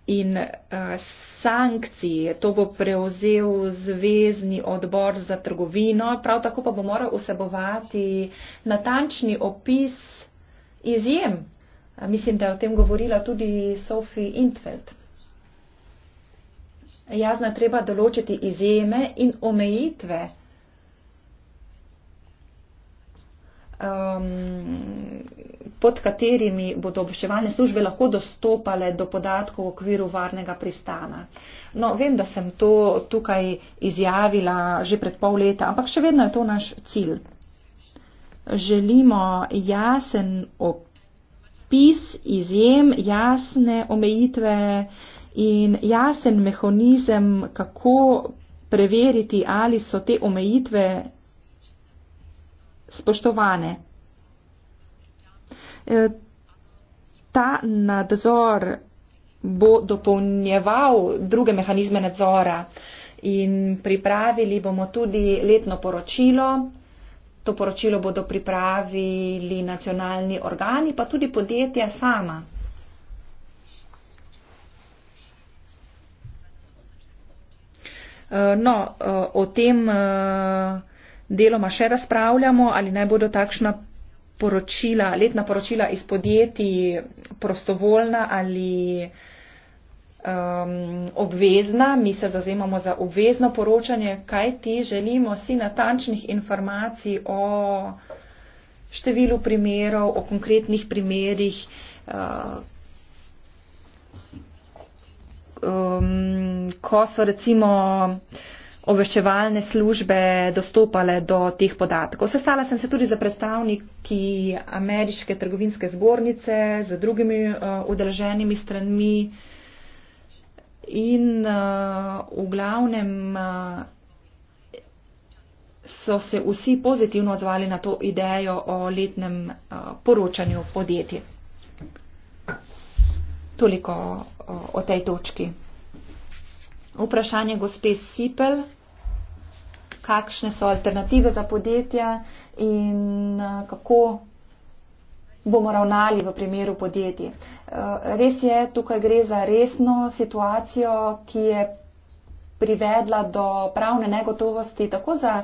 in sankcij. To bo prevzel zvezdni odbor za trgovino, prav tako pa bo moral vsebovati natančni opis izjem. Mislim, da je o tem govorila tudi Sophie Intfeld. Jasno, treba določiti izjeme in omejitve. Um, pod katerimi bodo obveščevalne službe lahko dostopale do podatkov v okviru varnega pristana. No, vem, da sem to tukaj izjavila že pred pol leta, ampak še vedno je to naš cilj. Želimo jasen opis izjem, jasne omejitve in jasen mehanizem, kako preveriti, ali so te omejitve spoštovane. Eh, ta nadzor bo dopolnjeval druge mehanizme nadzora in pripravili bomo tudi letno poročilo. To poročilo bodo pripravili nacionalni organi, pa tudi podjetja sama. Eh, no, eh, o tem deloma še razpravljamo, ali naj bodo takšna poročila, letna poročila iz podjetij prostovoljna ali um, obvezna. Mi se zazemamo za obvezno poročanje, kaj ti želimo, si natančnih informacij o številu primerov, o konkretnih primerjih. Uh, Um, ko so recimo uh, obveščevalne službe dostopale do teh podatkov. Sestala sem se tudi za predstavniki ameriške trgovinske zbornice, za drugimi eh, udeleženimi uh, stranmi in uh, v glavnem uh, so se vsi pozitivno odzvali na to idejo o letnem uh, poročanju podjetij. Toliko uh, o tej točki. Vprašanje gospe Sipel kakšne so alternative za podjetja in eh, kako bomo ravnali v primeru podjetij. Eh, res je, tukaj gre za resno situacijo, ki je privedla do pravne negotovosti tako za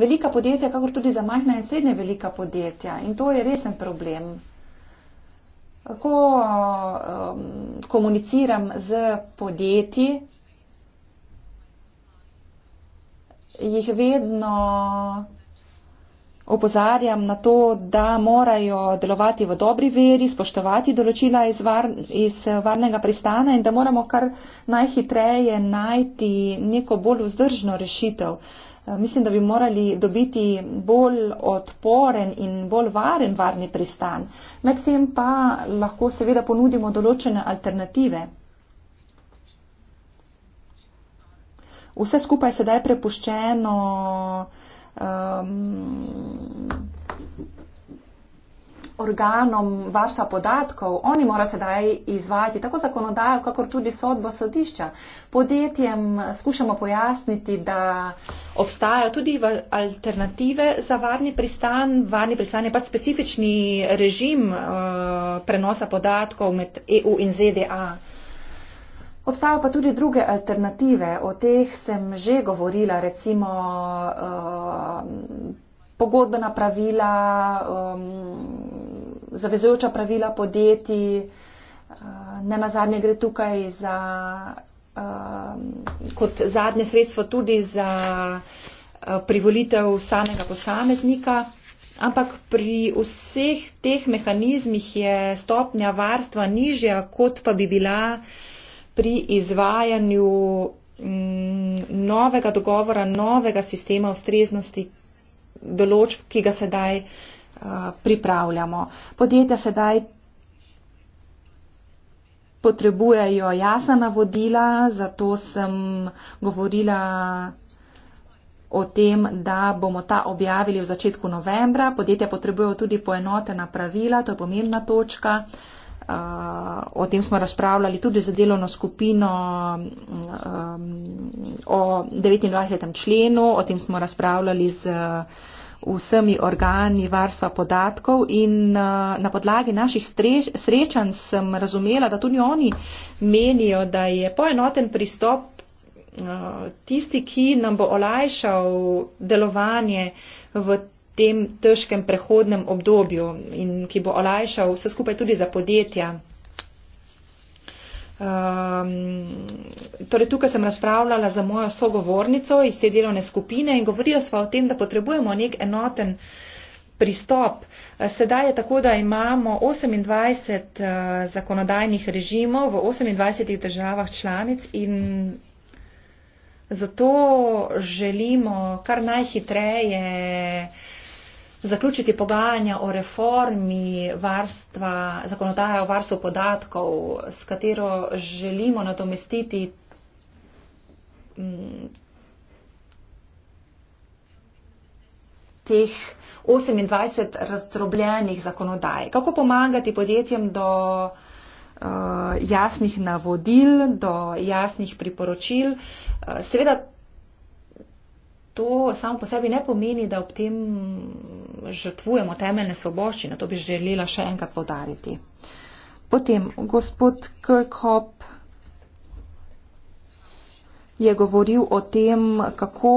velika podjetja, kakor tudi za majhna in srednje velika podjetja. In to je resen problem. Ko um, komuniciram z podjetji, jih vedno opozarjam na to, da morajo delovati v dobri veri, spoštovati določila iz, var, iz varnega pristana in da moramo kar najhitreje najti neko bolj vzdržno rešitev. Eh, mislim, da bi morali dobiti bolj odporen in bolj varen varni pristan. Med vsem pa lahko seveda ponudimo določene alternative. vse skupaj je sedaj prepuščeno um, organom varstva podatkov. Oni morajo sedaj izvajati tako zakonodajo, kakor tudi sodbo sodišča. Podjetjem skušamo pojasniti, da obstajajo tudi alternative za varni pristan. Varni pristan je pa specifični režim uh, prenosa podatkov med EU in ZDA. Obstajajo pa tudi druge alternative, o teh sem že govorila, recimo um, pogodbena pravila, um, zavezujoča pravila podjetij, um, ne nazadnje gre tukaj za, um, kot zadnje sredstvo tudi za um, privolitev samega posameznika. Ampak pri vseh teh mehanizmih je stopnja varstva nižja, kot pa bi bila pri izvajanju mm, novega dogovora, novega sistema ustreznosti določb, ki ga sedaj eh, pripravljamo. Podjetja sedaj potrebujejo jasna navodila, zato sem govorila o tem, da bomo ta objavili v začetku novembra. Podjetja potrebujejo tudi poenotena pravila, to je pomembna točka o tem smo razpravljali tudi za delovno skupino um, o 29. členu, o tem smo razpravljali z uh, vsemi organi varstva podatkov in uh, na podlagi naših srečanj sem razumela, da tudi oni menijo, da je poenoten pristop uh, tisti, ki nam bo olajšal delovanje v tem težkem prehodnem obdobju in ki bo olajšal vse skupaj tudi za podjetja. Um, torej tukaj sem razpravljala za mojo sogovornico iz te delovne skupine in govorila sva o tem, da potrebujemo nek enoten pristop. Eh, sedaj je tako, da imamo 28 uh, eh, zakonodajnih režimov v 28 državah članic in zato želimo kar najhitreje uh, zaključiti pogajanja o reformi varstva, zakonodaje o varstvu podatkov, s katero želimo nadomestiti mm, teh 28 razdrobljenih zakonodaj. Kako pomagati podjetjem do uh, jasnih navodil, do jasnih priporočil? Uh, seveda To samo po sebi ne pomeni, da ob tem žrtvujemo temeljne svoboščine. To bi želela še enkrat povdariti. Potem gospod Kirkhop je govoril o tem, kako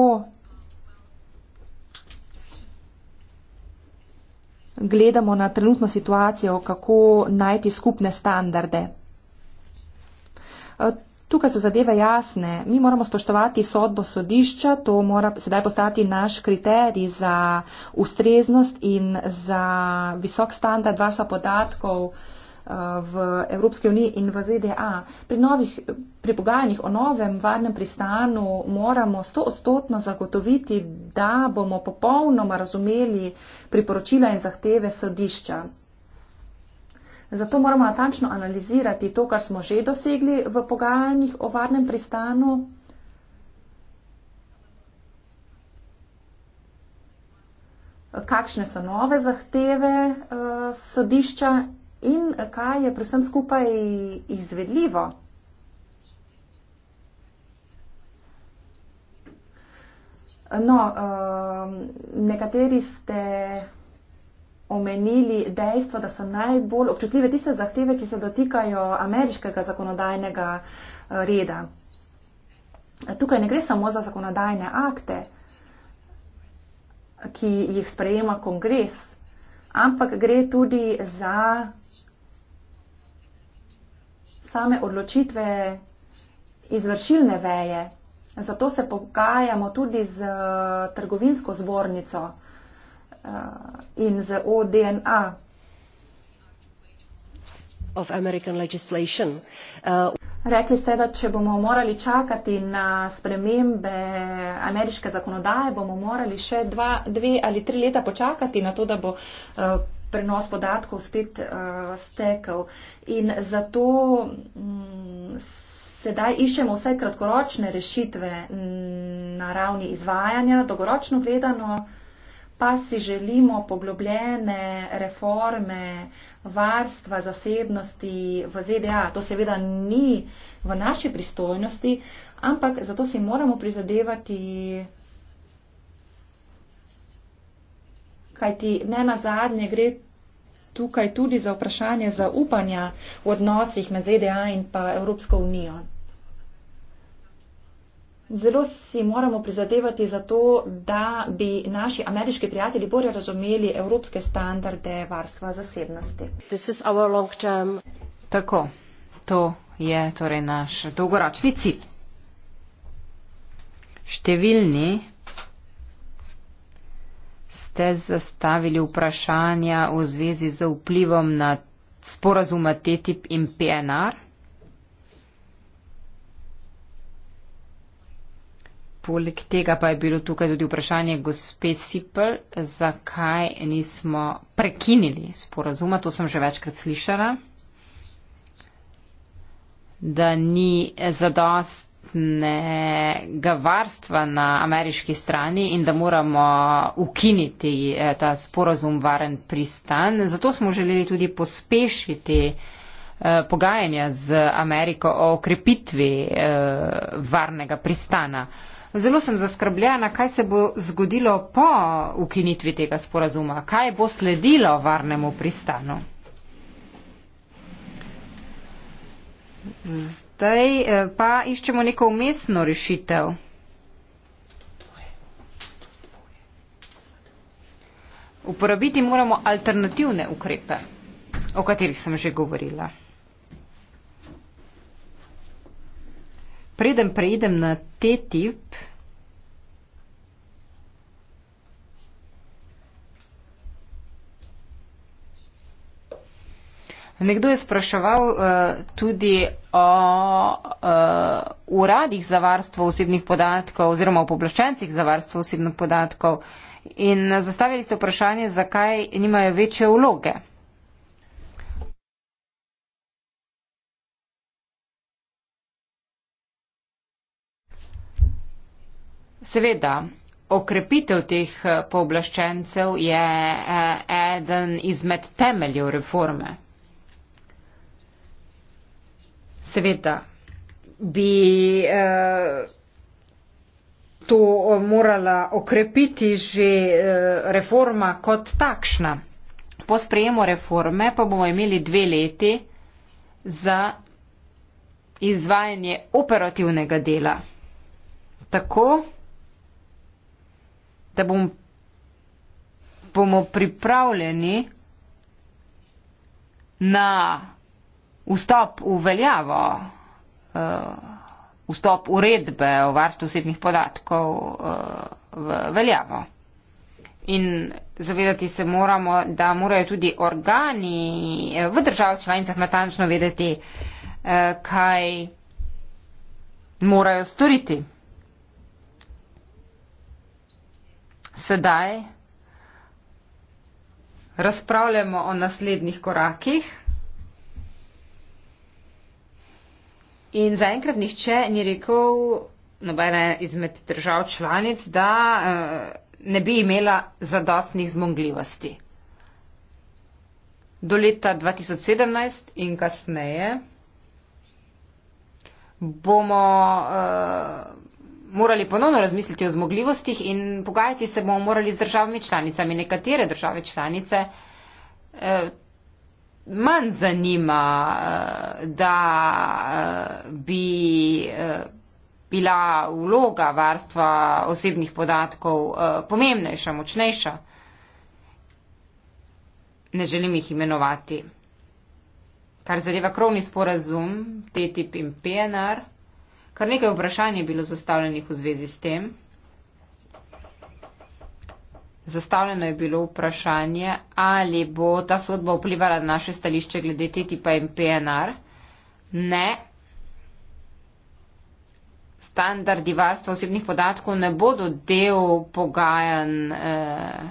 gledamo na trenutno situacijo, kako najti skupne standarde. Tukaj so zadeve jasne. Mi moramo spoštovati sodbo sodišča, to mora sedaj postati naš kriterij za ustreznost in za visok standard vaša podatkov eh, v Evropski uniji in v ZDA. Pri, novih, pri pogajanjih o novem varnem pristanu moramo stoodstotno zagotoviti, da bomo popolnoma razumeli priporočila in zahteve sodišča. Zato moramo natančno analizirati to, kar smo že dosegli v pogajanjih o varnem pristanu. kakšne so nove zahteve uh, sodišča in kaj je pri vsem skupaj izvedljivo. No, uh, nekateri ste omenili dejstvo, da so najbolj občutljive tiste zahteve, ki se dotikajo ameriškega zakonodajnega eh, reda. Tukaj ne gre samo za zakonodajne akte, ki jih sprejema kongres, ampak gre tudi za same odločitve izvršilne veje. Zato se pogajamo tudi z eh, trgovinsko zbornico, uh, in the ODNA. Of American legislation. Uh, Rekli ste, da če bomo morali čakati na spremembe ameriške zakonodaje, bomo morali še dva, dve ali tri leta počakati na to, da bo uh, prenos podatkov spet uh, stekel. In zato um, sedaj iščemo vse kratkoročne rešitve m, mm, na ravni izvajanja, dolgoročno gledano. Uh, pa si želimo poglobljene reforme varstva zasebnosti v ZDA. To seveda ni v naši pristojnosti, ampak zato si moramo prizadevati, kaj ti ne na zadnje gre tukaj tudi za vprašanje zaupanja v odnosih med ZDA in pa Evropsko unijo. Zelo si moramo prizadevati za to, da bi naši ameriški prijatelji bolje razumeli evropske standarde varstva zasebnosti. Tako, to je torej naš dolgoročni cilj. Številni ste zastavili vprašanja v zvezi z vplivom na sporazuma TTIP in PNR. Poleg tega pa je bilo tukaj tudi vprašanje gospe Sipel, zakaj nismo prekinili sporazuma, to sem že večkrat slišala, da ni zadostnega varstva na ameriški strani in da moramo ukiniti eh, ta sporazum varen pristan. Zato smo želeli tudi pospešiti eh, pogajanja z Ameriko o okrepitvi eh, varnega pristana. Zelo sem zaskrbljena, kaj se bo zgodilo po ukinitvi tega sporazuma, kaj bo sledilo varnemu pristanu. Zdaj eh, pa iščemo neko umestno rešitev. Uporabiti moramo alternativne ukrepe, o katerih sem že govorila. Preden preidem na te tip, Nekdo je spraševal uh, tudi o uh, uradih za varstvo osebnih podatkov oziroma o poblaščencih za varstvo osebnih podatkov in eh, zastavili ste vprašanje, zakaj nimajo večje vloge. Seveda, okrepitev teh eh, pooblaščencev je eh, eden izmed temeljev reforme. Seveda, bi eh, to morala okrepiti že reforma kot takšna. Po sprejemu reforme pa bomo imeli dve leti za izvajanje operativnega dela. Tako da bom, bomo pripravljeni na vstop v veljavo, uh, vstop uredbe o varstvu osebnih podatkov uh, v veljavo. In zavedati se moramo, da morajo tudi organi eh, v državah članicah natančno vedeti, kaj morajo storiti. sedaj razpravljamo o naslednjih korakih. In zaenkrat nihče ni rekel, nobena izmed držav članic, da eh, ne bi imela zadostnih zmogljivosti. Do leta 2017 in kasneje bomo eh, morali ponovno razmisliti o zmogljivostih in pogajati se bomo morali z državami članicami. Nekatere države članice eh, manj zanima, eh, da eh, bi eh, bila vloga varstva osebnih podatkov eh, pomembnejša, močnejša. Ne želim jih imenovati. Kar zadeva krovni sporazum TTIP in PNR. Kar nekaj vprašanj je bilo zastavljenih v zvezi s tem. Zastavljeno je bilo vprašanje, ali bo ta sodba vplivala na naše stališče glede TTIP-a in PNR. Ne. Standardi varstva osebnih podatkov ne bodo del pogajanj eh,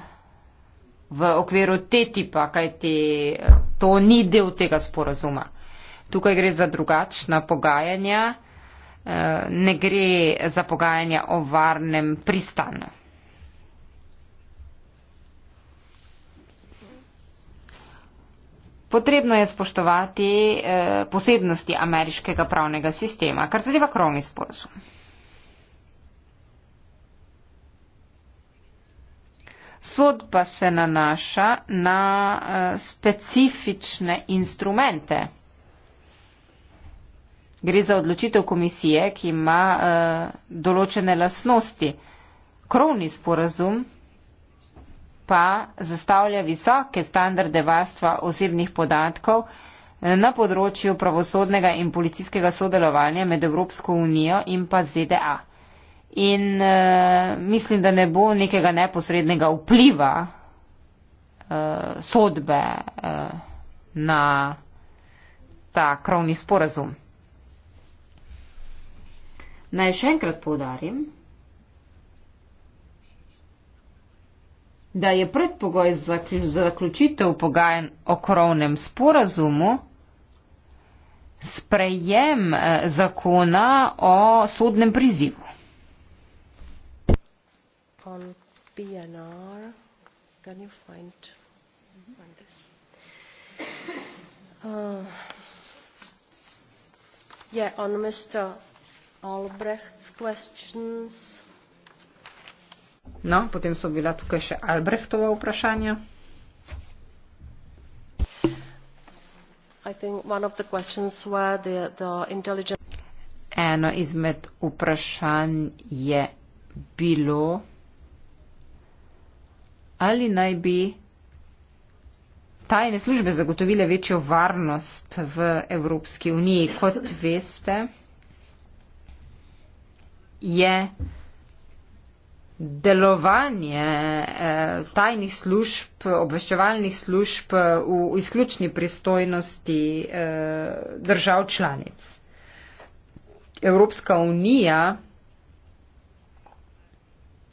v okviru TTIP-a, kajti eh, to ni del tega sporazuma. Tukaj gre za drugačna pogajanja ne gre za pogajanja o varnem pristanu. Potrebno je spoštovati eh, posebnosti ameriškega pravnega sistema, kar zadeva krovni sporozum. Sod pa se nanaša na eh, specifične instrumente Gre za odločitev komisije, ki ima uh, določene lasnosti. Krovni sporazum pa zastavlja visoke standarde varstva osebnih podatkov eh, na področju pravosodnega in policijskega sodelovanja med Evropsko unijo in pa ZDA. In uh, mislim, da ne bo nekega neposrednega vpliva uh, sodbe uh, na ta krovni sporazum. Naj še enkrat podarim, da je predpogoj za zaključitev pogajanj o krovnem sporazumu sprejem eh, zakona o sodnem prizivu. On PNR, can you find on this? Uh, yeah, on Mr. Albrecht's questions. No, potem so bila tukaj še Albrechtova vprašanja. I think one of the questions were the, the intelligent... Eno izmed vprašanj je bilo, ali naj bi tajne službe zagotovile večjo varnost v Evropski uniji. Kot veste, je delovanje eh, tajnih služb, obveščevalnih služb eh, v izključni pristojnosti eh, držav članic. Evropska unija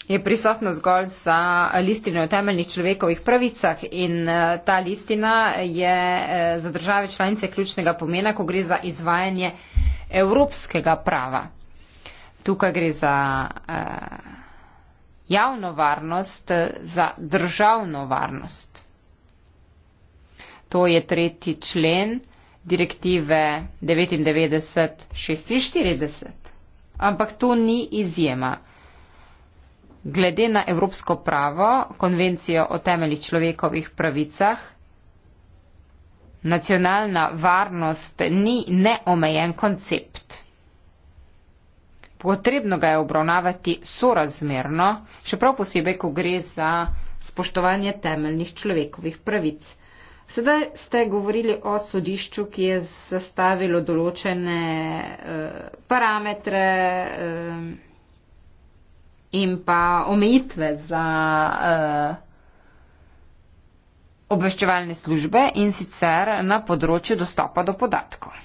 je prisotna zgolj za listino o temeljnih človekovih pravicah in ta listina je za države članice ključnega pomena, ko gre za izvajanje evropskega prava tukaj gre za uh, javno varnost, za državno varnost. To je tretji člen direktive 99-46. Ampak to ni izjema. Glede na evropsko pravo, konvencijo o temeli človekovih pravicah, nacionalna varnost ni neomejen koncept. Potrebno ga je obravnavati sorazmerno, še prav posebej, ko gre za spoštovanje temeljnih človekovih pravic. Sedaj ste govorili o sodišču, ki je zastavilo določene eh, parametre eh, in pa omejitve za eh, obveščevalne službe in sicer na področju dostopa do podatkov.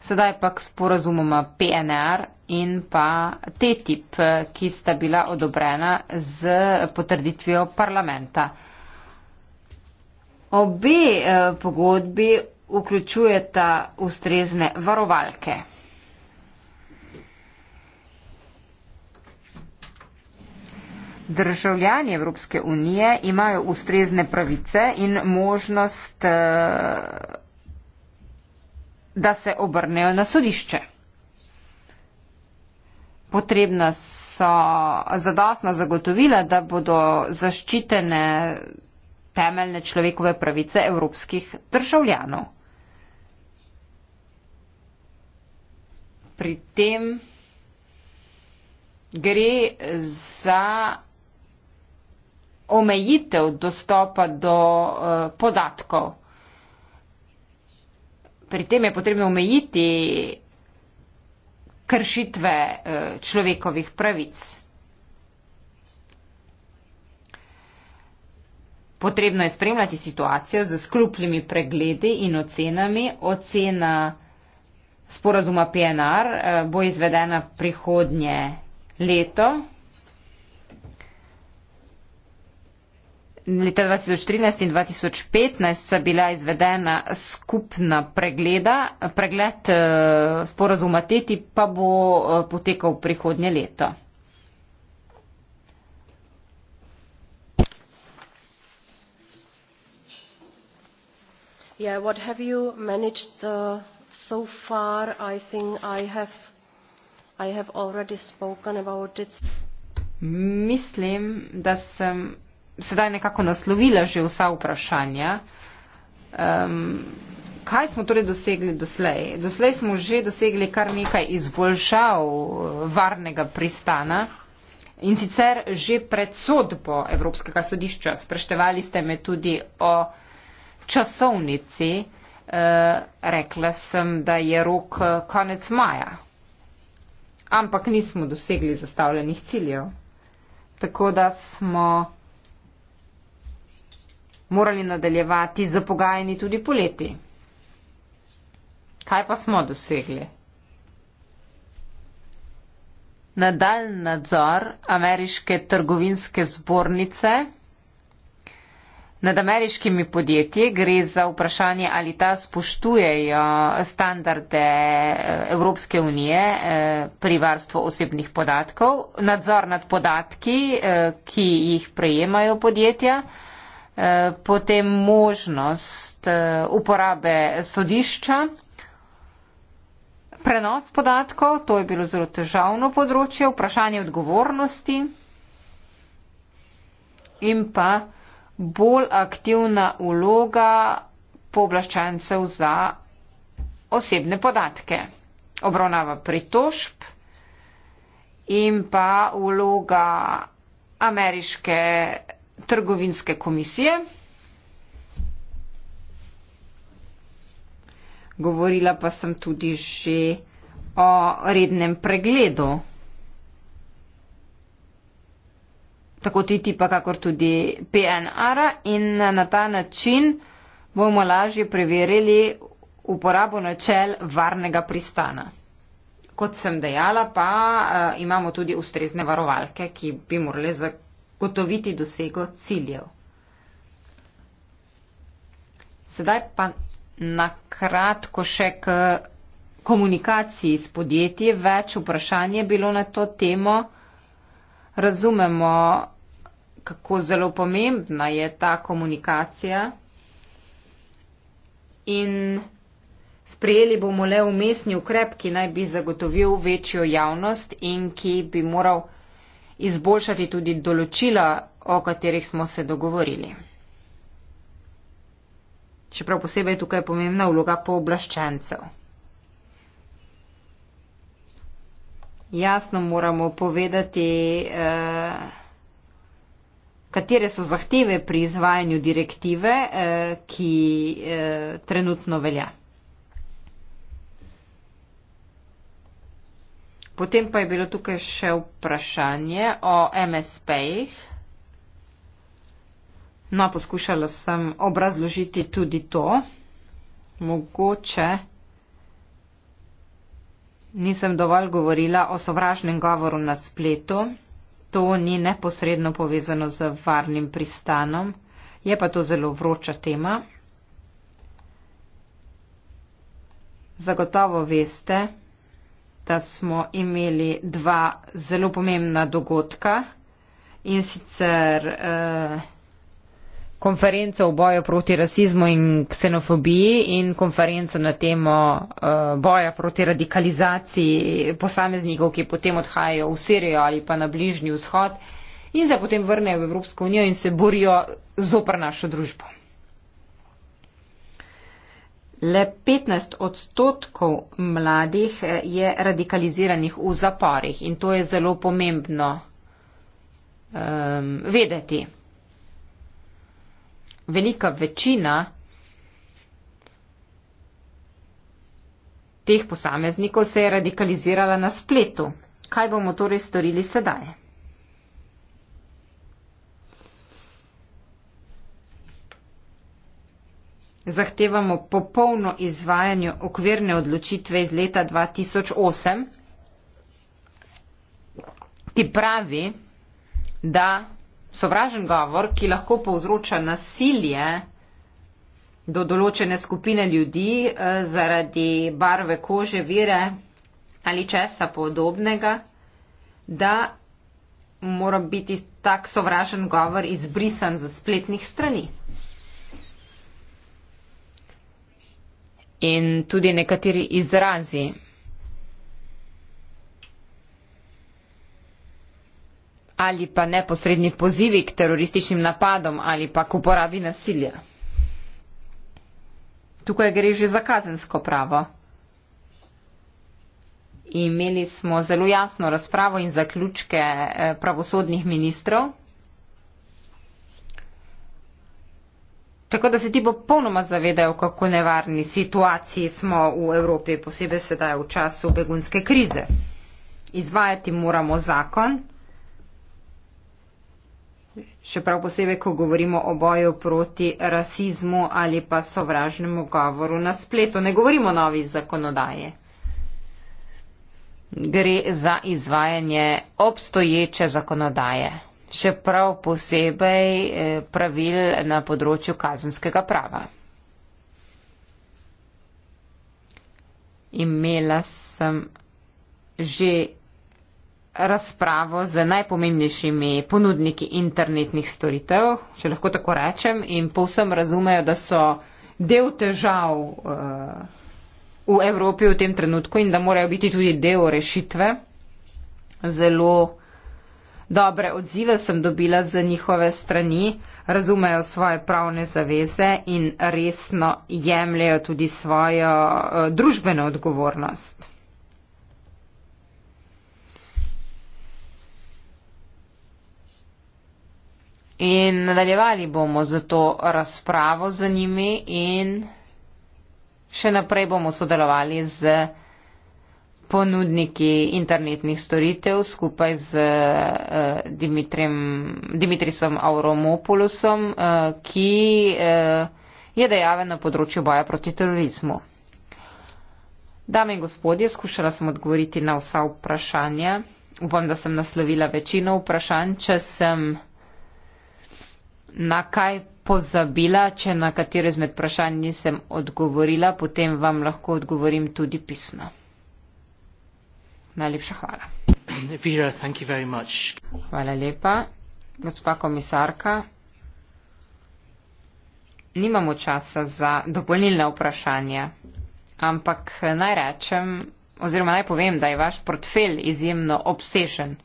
Sedaj pa k sporazumoma PNR in pa TTIP, ki sta bila odobrena z potrditvijo parlamenta. Obe eh, pogodbi vključujeta ustrezne varovalke. Državljani Evropske unije imajo ustrezne pravice in možnost. Uh, da se obrnejo na sodišče. Potrebna so zadostna zagotovila, da bodo zaščitene temeljne človekove pravice evropskih državljanov. Pri tem gre za omejitev dostopa do uh, podatkov pri tem je potrebno omejiti kršitve eh, človekovih pravic. Potrebno je spremljati situacijo z skrupljimi pregledi in ocenami. Ocena sporazuma PNR eh, bo izvedena prihodnje leto. leta 2013 in 2015 sta bila izvedena skupna pregleda, pregled eh, sporazuma TETI pa bo eh, potekal prihodnje leto. Yeah, what have you managed uh, so far? I think I have, I have already spoken about it. Mislim, da sem sedaj nekako naslovila že vsa vprašanja. Um, kaj smo torej dosegli doslej? Doslej smo že dosegli kar nekaj izboljšav eh, varnega pristana in sicer že pred sodbo Evropskega sodišča. Spreštevali ste me tudi o časovnici. Uh, rekla sem, da je rok eh, konec maja. Ampak nismo dosegli zastavljenih ciljev. Tako da smo morali nadaljevati za pogajanji tudi poleti. Kaj pa smo dosegli? Nadalj nadzor ameriške trgovinske zbornice nad ameriškimi podjetji gre za vprašanje, ali ta spoštujejo standarde eh, Evropske unije eh, pri varstvu osebnih podatkov, nadzor nad podatki, eh, ki jih prejemajo podjetja. Eh, potem možnost eh, uporabe sodišča, prenos podatkov, to je bilo zelo težavno področje, vprašanje odgovornosti in pa bolj aktivna vloga pooblaščencev za osebne podatke. Obravnava pritožb in pa vloga ameriške trgovinske komisije. Govorila pa sem tudi že o rednem pregledu. Tako ti tipa, kakor tudi PNR in na ta način bomo lažje preverili uporabo načel varnega pristana. Kot sem dejala, pa uh, imamo tudi ustrezne varovalke, ki bi morali zakončati gotoviti dosego ciljev. Sedaj pa nakratko še k komunikaciji s podjetji. Več vprašanj je bilo na to temo. Razumemo, kako zelo pomembna je ta komunikacija in sprejeli bomo le umestni ukrep, ki naj bi zagotovil večjo javnost in ki bi moral izboljšati tudi določila, o katerih smo se dogovorili. Čeprav posebej tukaj je pomembna vloga pooblaščencev. Jasno moramo povedati, eh, katere so zahteve pri izvajanju direktive, eh, ki eh, trenutno velja. Potem pa je bilo tukaj še vprašanje o MSP-jih. No, poskušala sem obrazložiti tudi to. Mogoče nisem dovolj govorila o sovražnem govoru na spletu. To ni neposredno povezano z varnim pristanom. Je pa to zelo vroča tema. Zagotovo veste, leta smo imeli dva zelo pomembna dogodka in sicer eh, konferenco o boju proti rasizmu in ksenofobiji in konferenco na temo eh, boja proti radikalizaciji posameznikov, ki potem odhajajo v Sirijo ali pa na bližnji vzhod in se potem vrnejo v Evropsko unijo in se borijo zopr našo družbo. Le 15 odstotkov mladih eh, je radikaliziranih v zaporih in to je zelo pomembno um, vedeti. Velika večina teh posameznikov se je radikalizirala na spletu. Kaj bomo torej storili sedaj? zahtevamo popolno izvajanje okvirne odločitve iz leta 2008, ki pravi, da sovražen govor, ki lahko povzroča nasilje do določene skupine ljudi eh, zaradi barve kože, vire ali česa podobnega, da mora biti tak sovražen govor izbrisan za spletnih strani. in tudi nekateri izrazi. ali pa neposredni pozivi k terorističnim napadom ali pa k uporabi nasilja. Tukaj gre že za kazensko pravo. Imeli smo zelo jasno razpravo in zaključke eh, pravosodnih ministrov. Tako da se ti popolnoma zavedajo, kako nevarni situaciji smo v Evropi, posebej sedaj v času begunske krize. Izvajati moramo zakon, še prav posebej, ko govorimo o boju proti rasizmu ali pa sovražnemu govoru na spletu. Ne govorimo o novi zakonodaji. Gre za izvajanje obstoječe zakonodaje še prav posebej eh, pravil na področju kazenskega prava. Imela sem že razpravo z najpomembnejšimi ponudniki internetnih storitev, če lahko tako rečem, in povsem razumejo, da so del težav eh, v Evropi v tem trenutku in da morajo biti tudi del rešitve. Zelo Dobre odzive sem dobila za njihove strani, razumejo svoje pravne zaveze in resno jemljajo tudi svojo eh, družbeno odgovornost. In nadaljevali bomo za to razpravo z njimi in še naprej bomo sodelovali z ponudniki internetnih storitev skupaj z eh, Dimitrisom Auromopulusom, eh, ki eh, je dejaven na področju boja proti terorizmu. Dame in gospodje, skušala sem odgovoriti na vsa vprašanja. Upam, da sem naslovila večino vprašanj. Če sem na kaj pozabila, če na katero izmed vprašanj nisem odgovorila, potem vam lahko odgovorim tudi pisno. Najlepša hvala. Vera, thank you very much. Hvala lepa. Gospa komisarka, nimamo časa za dopolnilne vprašanja, ampak naj rečem, oziroma naj povem, da je vaš portfelj izjemno obsežen.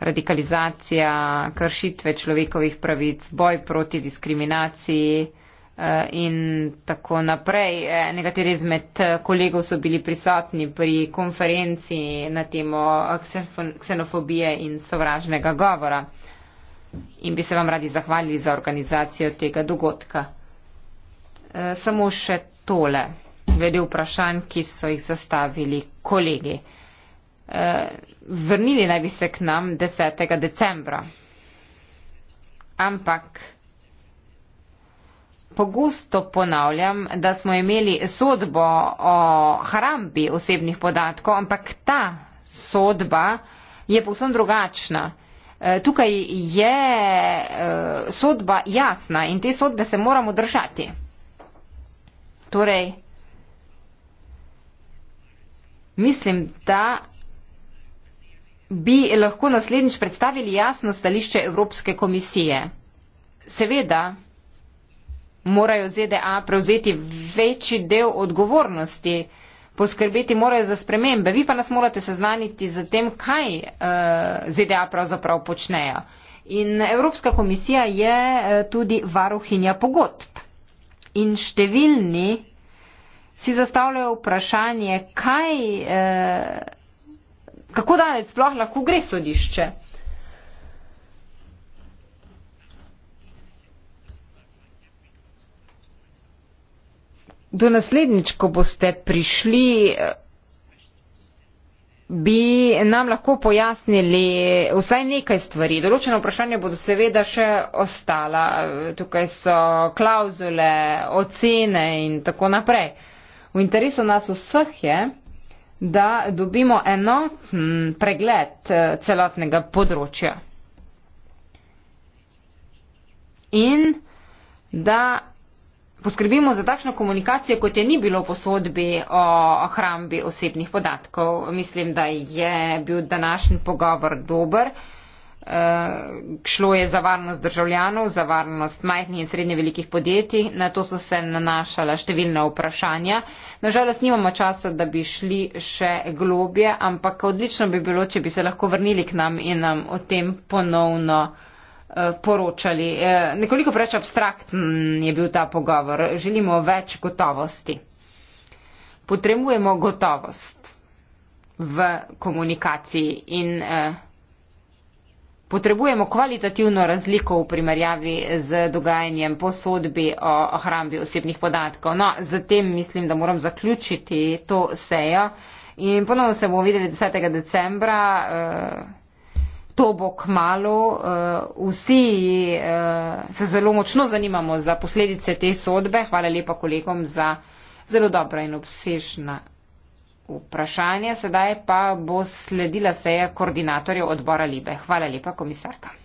Radikalizacija, kršitve človekovih pravic, boj proti diskriminaciji, Eh, in tako naprej. Eh, nekateri izmed eh, kolegov so bili prisotni pri konferenci na temo ksenofobije in sovražnega govora in bi se vam radi zahvalili za organizacijo tega dogodka. Samo še tole, glede vprašanj, ki so jih zastavili kolegi. Vrnili naj bi se k nam 10. decembra. Ampak pogosto ponavljam, da smo imeli sodbo o harambi osebnih podatkov, ampak ta sodba je povsem drugačna. E, tukaj je e, sodba jasna in te sodbe se moramo držati. Torej, mislim, da bi lahko naslednjič predstavili jasno stališče Evropske komisije. Seveda, morajo ZDA prevzeti večji del odgovornosti, poskrbeti morajo za spremembe. Vi pa nas morate seznaniti z tem, kaj uh, eh, ZDA pravzaprav počnejo. In Evropska komisija je eh, tudi varuhinja pogodb. In številni si zastavljajo vprašanje, kaj, eh, kako daleč sploh lahko gre sodišče. do naslednjič, ko boste prišli, bi nam lahko pojasnili vsaj nekaj stvari. Določene vprašanja bodo seveda še ostala. Tukaj so klauzule, ocene in tako naprej. V interesu nas vseh je, da dobimo enoten pregled eh, celotnega področja. In da poskrbimo za takšno komunikacijo, kot je ni bilo v posodbi o hrambi osebnih podatkov. Mislim, da je bil današnji pogovor dober. Uh, šlo je za varnost državljanov, za varnost majhnih in srednje velikih podjetij, na to so se nanašala številna vprašanja. Nažalost, nimamo časa, da bi šli še globje, ampak odlično bi bilo, če bi se lahko vrnili k nam in nam o tem ponovno. Eh, poročali. Eh, nekoliko preveč abstrakten je bil ta pogovor. Želimo več gotovosti. Potrebujemo gotovost v komunikaciji in eh, potrebujemo kvalitativno razliko v primerjavi z dogajanjem po sodbi o hrambi osebnih podatkov. No, zatem mislim, da moram zaključiti to sejo. In ponovno se bomo videli 10. decembra. Uh, to bo kmalo. Eh, vsi eh, se zelo močno zanimamo za posledice te sodbe. Hvala lepa kolegom za zelo dobra in obsežna vprašanja. Sedaj pa bo sledila seja koordinatorjev odbora Libe. Hvala lepa, komisarka.